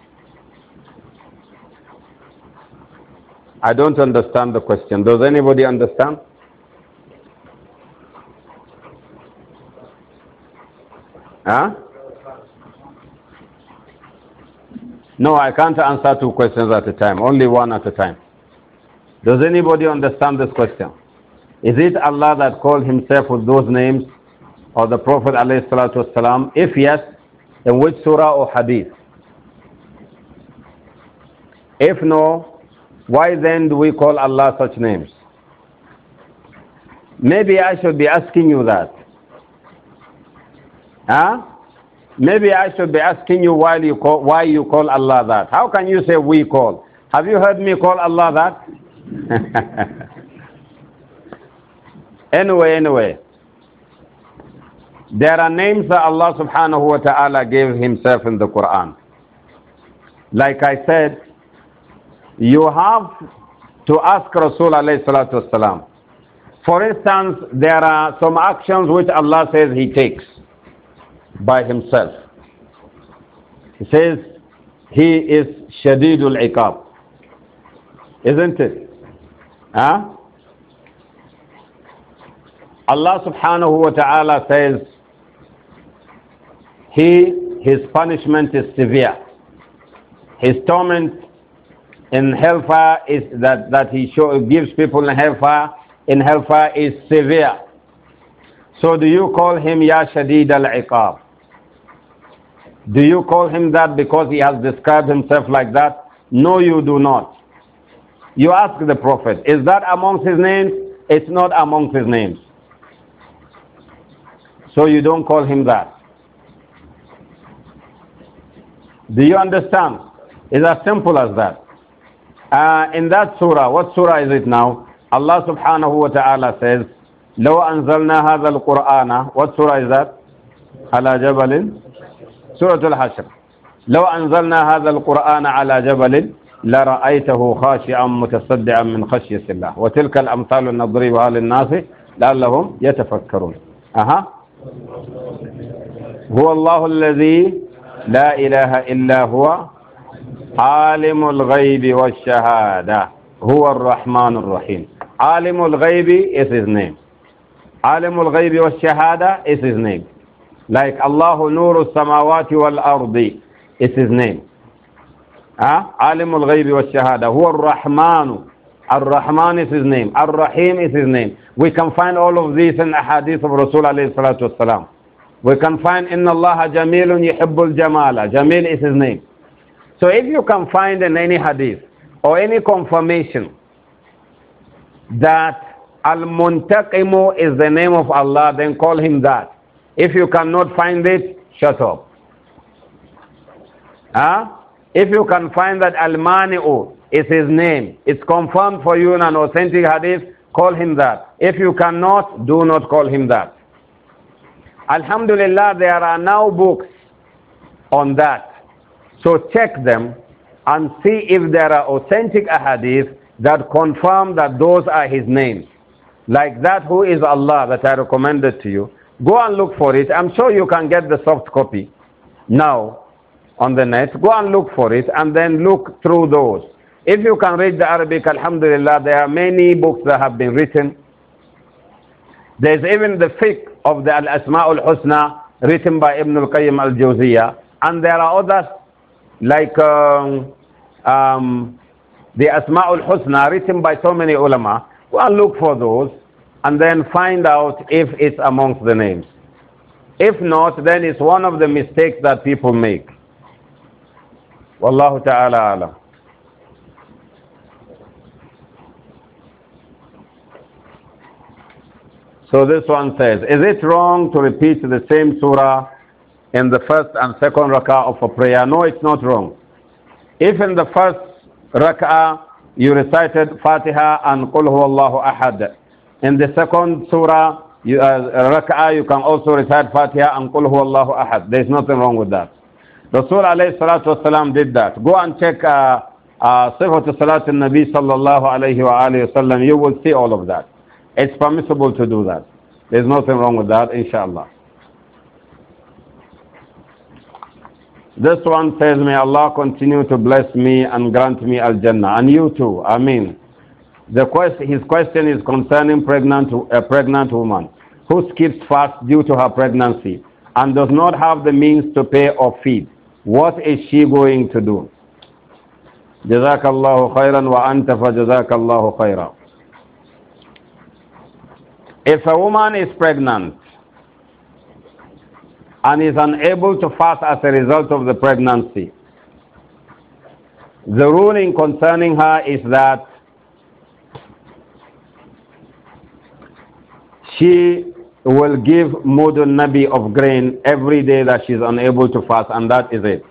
I don't understand the question. Does anybody understand? Huh? No, I can't answer two questions at a time, only one at a time. Does anybody understand this question? Is it Allah that called himself with those names or the Prophet والسلام? If yes, in which surah or hadith? If no, why then do we call Allah such names? Maybe I should be asking you that. Huh? Maybe I should be asking you why you call, why you call Allah that. How can you say we call? Have you heard me call Allah that? anyway, anyway. There are names that Allah subhanahu wa ta'ala gave himself in the Quran. Like I said, you have to ask Rasul والسلام. For instance, there are some actions which Allah says He takes by Himself. He says He is Shadidul Iqab. Isn't it? Huh? Allah subhanahu wa ta'ala says He, His punishment is severe. His torment in hellfire is that, that he show, gives people in hellfire in hellfire is severe. So do you call him Ya Shadid al Iqab? Do you call him that because he has described himself like that? No, you do not. You ask the Prophet, is that amongst his names? It's not amongst his names. So you don't call him that. Do you understand? It's as simple as that. Uh, in that surah, what surah is it now? Allah subhanahu wa ta'ala says, لو أنزلنا هذا القرآن what surah is that? على جبل سورة الحشر لو أنزلنا هذا القرآن على جبل لرأيته خاشعا متصدعا من خشية الله وتلك الأمثال نضربها للناس لعلهم يتفكرون أها هو الله الذي لا إله إلا هو عالم الغيب والشهادة هو الرحمن الرحيم عالم الغيب is his name عالم الغيب والشهادة is his name like Allah نور السماوات والأرض is his name ها عالم الغيب والشهادة هو الرحمن الرحمن is his name الرحيم is his name we can find all of these in hadith of Rasul عليه الصلاة والسلام we can find إن الله جميل يحب الجمال جميل is his name So if you can find in any hadith or any confirmation that Al-Muntaqimu is the name of Allah, then call him that. If you cannot find it, shut up. Huh? If you can find that Al-Mani'u is his name, it's confirmed for you in an authentic hadith, call him that. If you cannot, do not call him that. Alhamdulillah, there are now books on that. So check them and see if there are authentic ahadith that confirm that those are his names. Like that, who is Allah that I recommended to you. Go and look for it. I'm sure you can get the soft copy now on the net. Go and look for it and then look through those. If you can read the Arabic, Alhamdulillah, there are many books that have been written. There's even the fiqh of the Al Asma'ul Husna written by Ibn al Qayyim al Juzia, and there are others like um, um, the Asma'ul Husna written by so many ulama. Go and look for those and then find out if it's amongst the names. If not, then it's one of the mistakes that people make. Wallahu ta'ala So this one says, is it wrong to repeat the same surah in the first and second rak'ah of a prayer. No, it's not wrong. If in the first rak'ah you recited Fatiha and Qul Allahu Ahad, in the second surah you, uh, rak'ah you can also recite Fatiha and Qul Allahu Ahad. There is nothing wrong with that. Rasul alayhi salatu wasalam did that. Go and check uh, uh, nabi sallallahu alayhi wa alayhi You will see all of that. It's permissible to do that. There's nothing wrong with that, inshallah. This one says, May Allah continue to bless me and grant me Al Jannah. And you too. Ameen. The quest, his question is concerning pregnant, a pregnant woman who skips fast due to her pregnancy and does not have the means to pay or feed. What is she going to do? Jazakallahu khairan wa anta fa jazakallahu khairan. If a woman is pregnant and is unable to fast as a result of the pregnancy. The ruling concerning her is that she will give mudun nabi of grain every day that she's unable to fast, and that is it.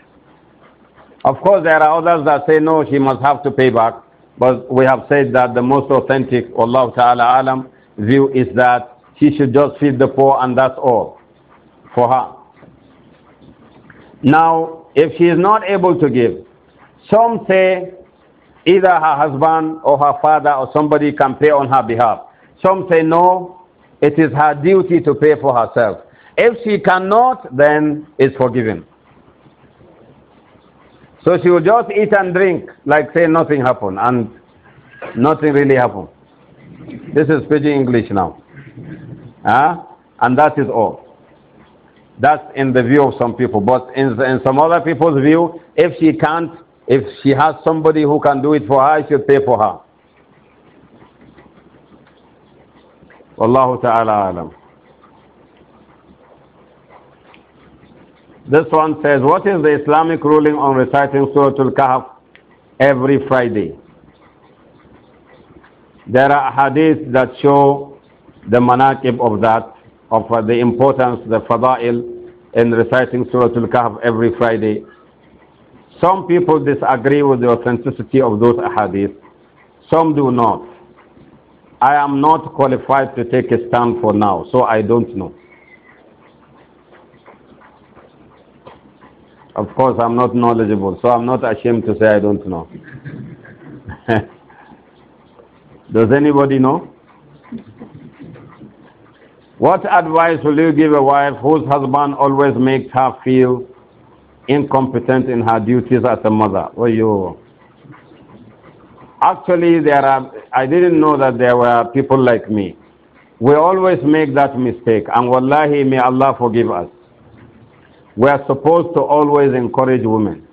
Of course, there are others that say no, she must have to pay back, but we have said that the most authentic, Allah Ta'ala Alam, view is that she should just feed the poor and that's all for her. Now, if she is not able to give, some say either her husband or her father or somebody can pay on her behalf. Some say no, it is her duty to pay for herself. If she cannot, then it's forgiven. So she will just eat and drink, like say nothing happened, and nothing really happened. This is Pidgin English now. Huh? Ah, and that is all. That's in the view of some people. But in, in some other people's view, if she can't, if she has somebody who can do it for her, she should pay for her. Wallahu ta'ala alam. This one says, what is the Islamic ruling on reciting Surah Al-Kahf every Friday? There are hadiths that show the manakib of that of uh, the importance, the fada'il, in reciting Surah Al-Kahf every Friday. Some people disagree with the authenticity of those ahadith. Some do not. I am not qualified to take a stand for now, so I don't know. Of course, I'm not knowledgeable, so I'm not ashamed to say I don't know. Does anybody know? What advice will you give a wife whose husband always makes her feel incompetent in her duties as a mother? Oh, you. Actually, there are. I didn't know that there were people like me. We always make that mistake, and wallahi, may Allah forgive us. We are supposed to always encourage women.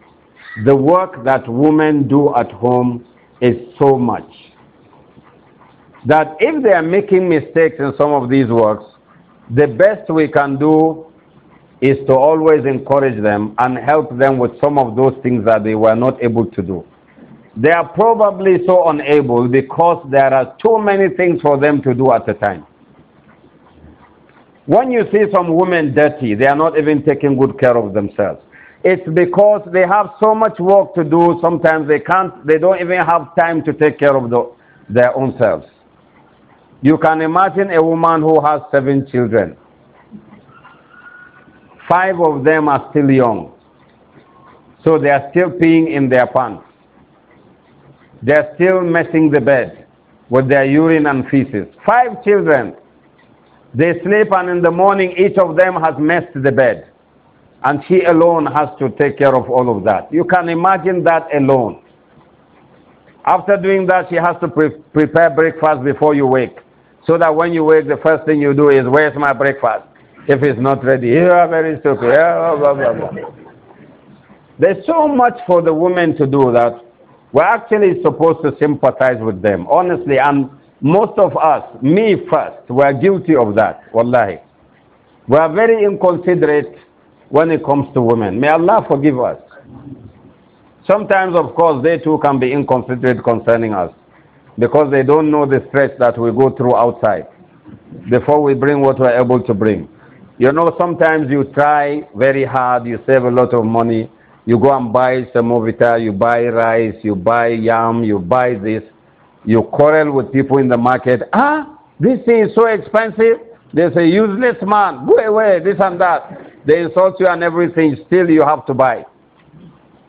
The work that women do at home is so much that if they are making mistakes in some of these works, the best we can do is to always encourage them and help them with some of those things that they were not able to do. They are probably so unable because there are too many things for them to do at a time. When you see some women dirty, they are not even taking good care of themselves. It's because they have so much work to do, sometimes they can't, they don't even have time to take care of the, their own selves. You can imagine a woman who has seven children. Five of them are still young. So they are still peeing in their pants. They are still messing the bed with their urine and feces. Five children. They sleep and in the morning each of them has messed the bed. And she alone has to take care of all of that. You can imagine that alone. After doing that, she has to pre prepare breakfast before you wake. So that when you wake, the first thing you do is, Where's my breakfast? If it's not ready, you are very stupid. Blah, blah, blah, There's so much for the women to do that we're actually supposed to sympathize with them. Honestly, and most of us, me first, we're guilty of that. Wallahi. We are very inconsiderate when it comes to women. May Allah forgive us. Sometimes, of course, they too can be inconsiderate concerning us because they don't know the stress that we go through outside before we bring what we're able to bring. You know, sometimes you try very hard, you save a lot of money, you go and buy some semovita, you buy rice, you buy yam, you buy this, you quarrel with people in the market. Ah, this thing is so expensive. There's a useless man. Go away, this and that. They insult you and everything. Still, you have to buy.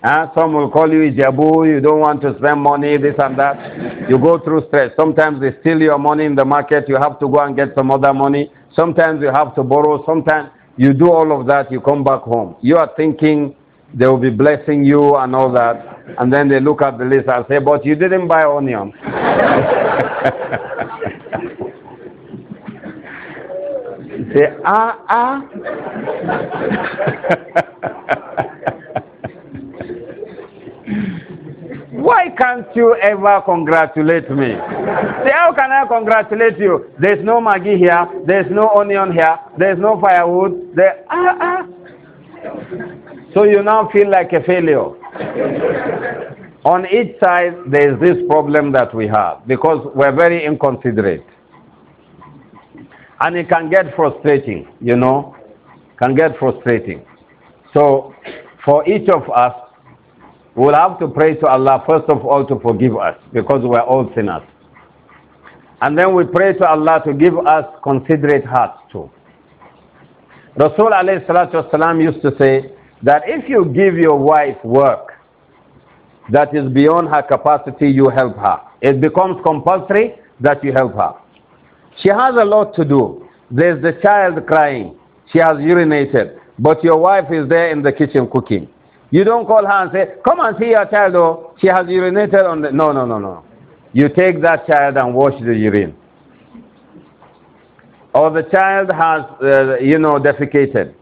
Huh? Ah, some will call you Ijabu, you don't want to spend money, this and that. You go through stress. Sometimes they steal your money in the market, you have to go and get some other money. Sometimes you have to borrow, sometimes you do all of that, you come back home. You are thinking they will be blessing you and all that. And then they look at the list and say, but you didn't buy onion. say, ah, ah. can't you ever congratulate me? See, how can I congratulate you? There's no Maggie here, there's no onion here, there's no firewood. There, ah, ah. So you now feel like a failure. On each side, there is this problem that we have because we're very inconsiderate. And it can get frustrating, you know, can get frustrating. So for each of us, We'll have to pray to Allah, first of all, to forgive us because we're all sinners. And then we pray to Allah to give us considerate hearts too. Rasul والسلام, used to say that if you give your wife work that is beyond her capacity, you help her. It becomes compulsory that you help her. She has a lot to do. There's the child crying. She has urinated. But your wife is there in the kitchen cooking. You don't call her and say, Come and see your child, oh, she has urinated on the. No, no, no, no. You take that child and wash the urine. Or the child has, uh, you know, defecated.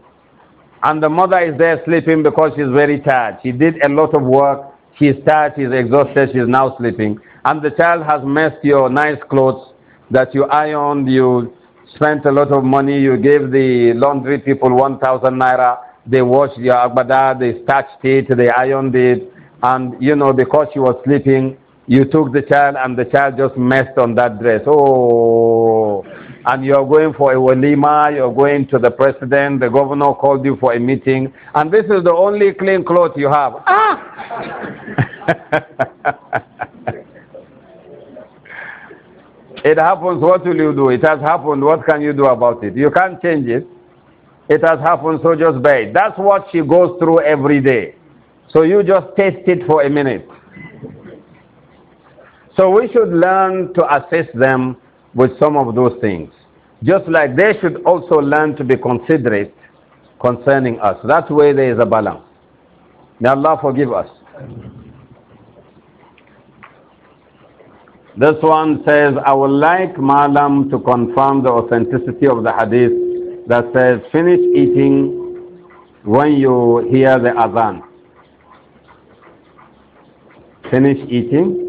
And the mother is there sleeping because she's very tired. She did a lot of work. She's tired, she's exhausted, she's now sleeping. And the child has messed your nice clothes that you ironed, you spent a lot of money, you gave the laundry people 1,000 naira they washed your agbada, they starched it, they ironed it, and you know, because she was sleeping, you took the child and the child just messed on that dress. Oh, and you're going for a walima, you're going to the president, the governor called you for a meeting, and this is the only clean cloth you have. Ah! it happens, what will you do? It has happened, what can you do about it? You can't change it. It has happened, so just bear it. That's what she goes through every day. So you just taste it for a minute. So we should learn to assist them with some of those things. Just like they should also learn to be considerate concerning us. That way there is a balance. May Allah forgive us. This one says, I would like Malam to confirm the authenticity of the hadith that says, finish eating when you hear the adhan. Finish eating.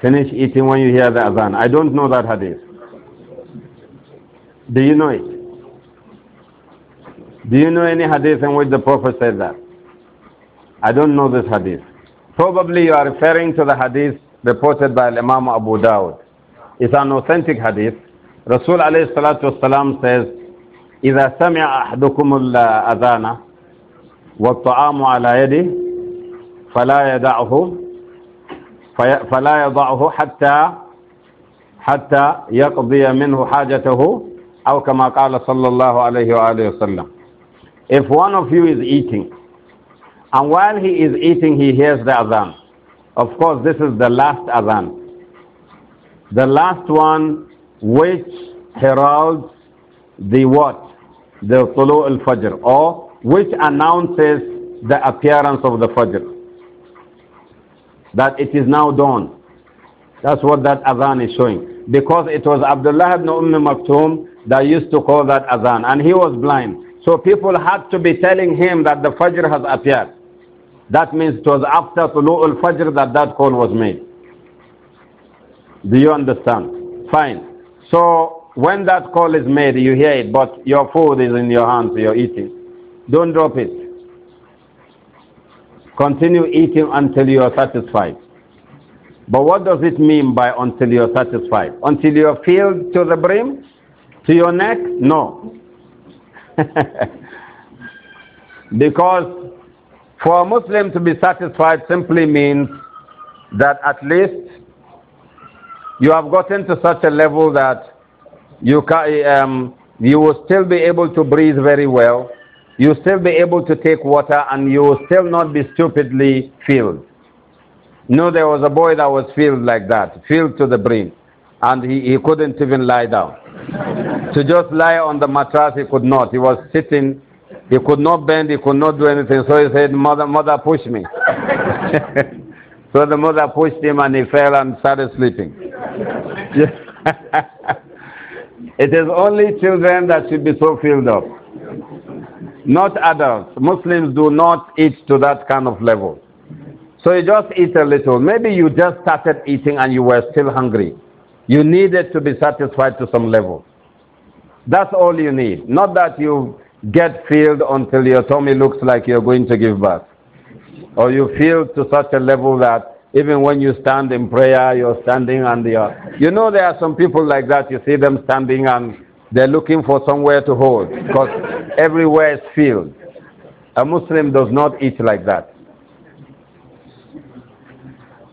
Finish eating when you hear the adhan. I don't know that hadith. Do you know it? Do you know any hadith in which the Prophet said that? I don't know this hadith. Probably you are referring to the hadith reported by Imam Abu Dawud. It's an authentic hadith. Rasul alayhi salatu wasalam says, إذا سمع أحدكم الأذان والطعام على يده فلا يدعه فلا يضعه حتى حتى يقضي منه حاجته أو كما قال صلى الله عليه وآله وسلم If one of you is eating and while he is eating he hears the adhan Of course this is the last adhan the last one which heralds the what? The Tulu al-Fajr or which announces the appearance of the Fajr. That it is now dawn. That's what that Adhan is showing. Because it was Abdullah ibn Umm Maktoum that used to call that Adhan and he was blind. So people had to be telling him that the Fajr has appeared. That means it was after Tulu al-Fajr that that call was made. Do you understand? Fine. So when that call is made, you hear it, but your food is in your hands, you're eating. Don't drop it. Continue eating until you are satisfied. But what does it mean by until you're satisfied? Until you're filled to the brim? To your neck? No. because for a Muslim to be satisfied simply means that at least you have gotten to such a level that you, can, um, you will still be able to breathe very well, you will still be able to take water, and you will still not be stupidly filled. No, there was a boy that was filled like that, filled to the brim, and he, he couldn't even lie down. to just lie on the mattress, he could not. He was sitting, he could not bend, he could not do anything. So he said, Mother, mother, push me. so the mother pushed him and he fell and started sleeping it is only children that should be so filled up, not adults. Muslims do not eat to that kind of level. So you just eat a little. Maybe you just started eating and you were still hungry. You needed to be satisfied to some level. That's all you need. Not that you get filled until your tummy looks like you're going to give birth. Or you feel to such a level that even when you stand in prayer, you're standing and you you know there are some people like that, you see them standing and they're looking for somewhere to hold because everywhere is filled. A Muslim does not eat like that.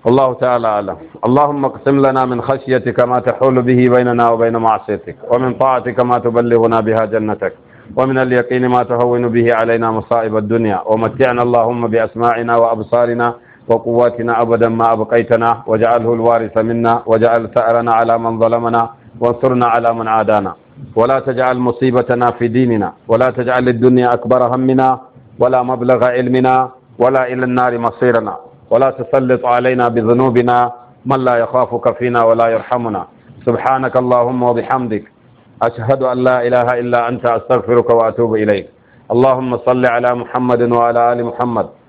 والله تعالى أعلم اللهم اقسم لنا من خشيتك ما تحول به بيننا وبين معصيتك ومن طاعتك ما تبلغنا بها جنتك ومن اليقين ما تهون به علينا مصائب الدنيا ومتعنا اللهم بأسماعنا وأبصارنا وقواتنا أبدا ما أبقيتنا وجعله الوارث منا وجعل ثأرنا على من ظلمنا وانصرنا على من عادانا ولا تجعل مصيبتنا في ديننا ولا تجعل الدنيا أكبر همنا ولا مبلغ علمنا ولا إلى النار مصيرنا ولا تسلط علينا بذنوبنا من لا يخافك فينا ولا يرحمنا سبحانك اللهم وبحمدك أشهد أن لا إله إلا أنت أستغفرك وأتوب إليك اللهم صل على محمد وعلى آل محمد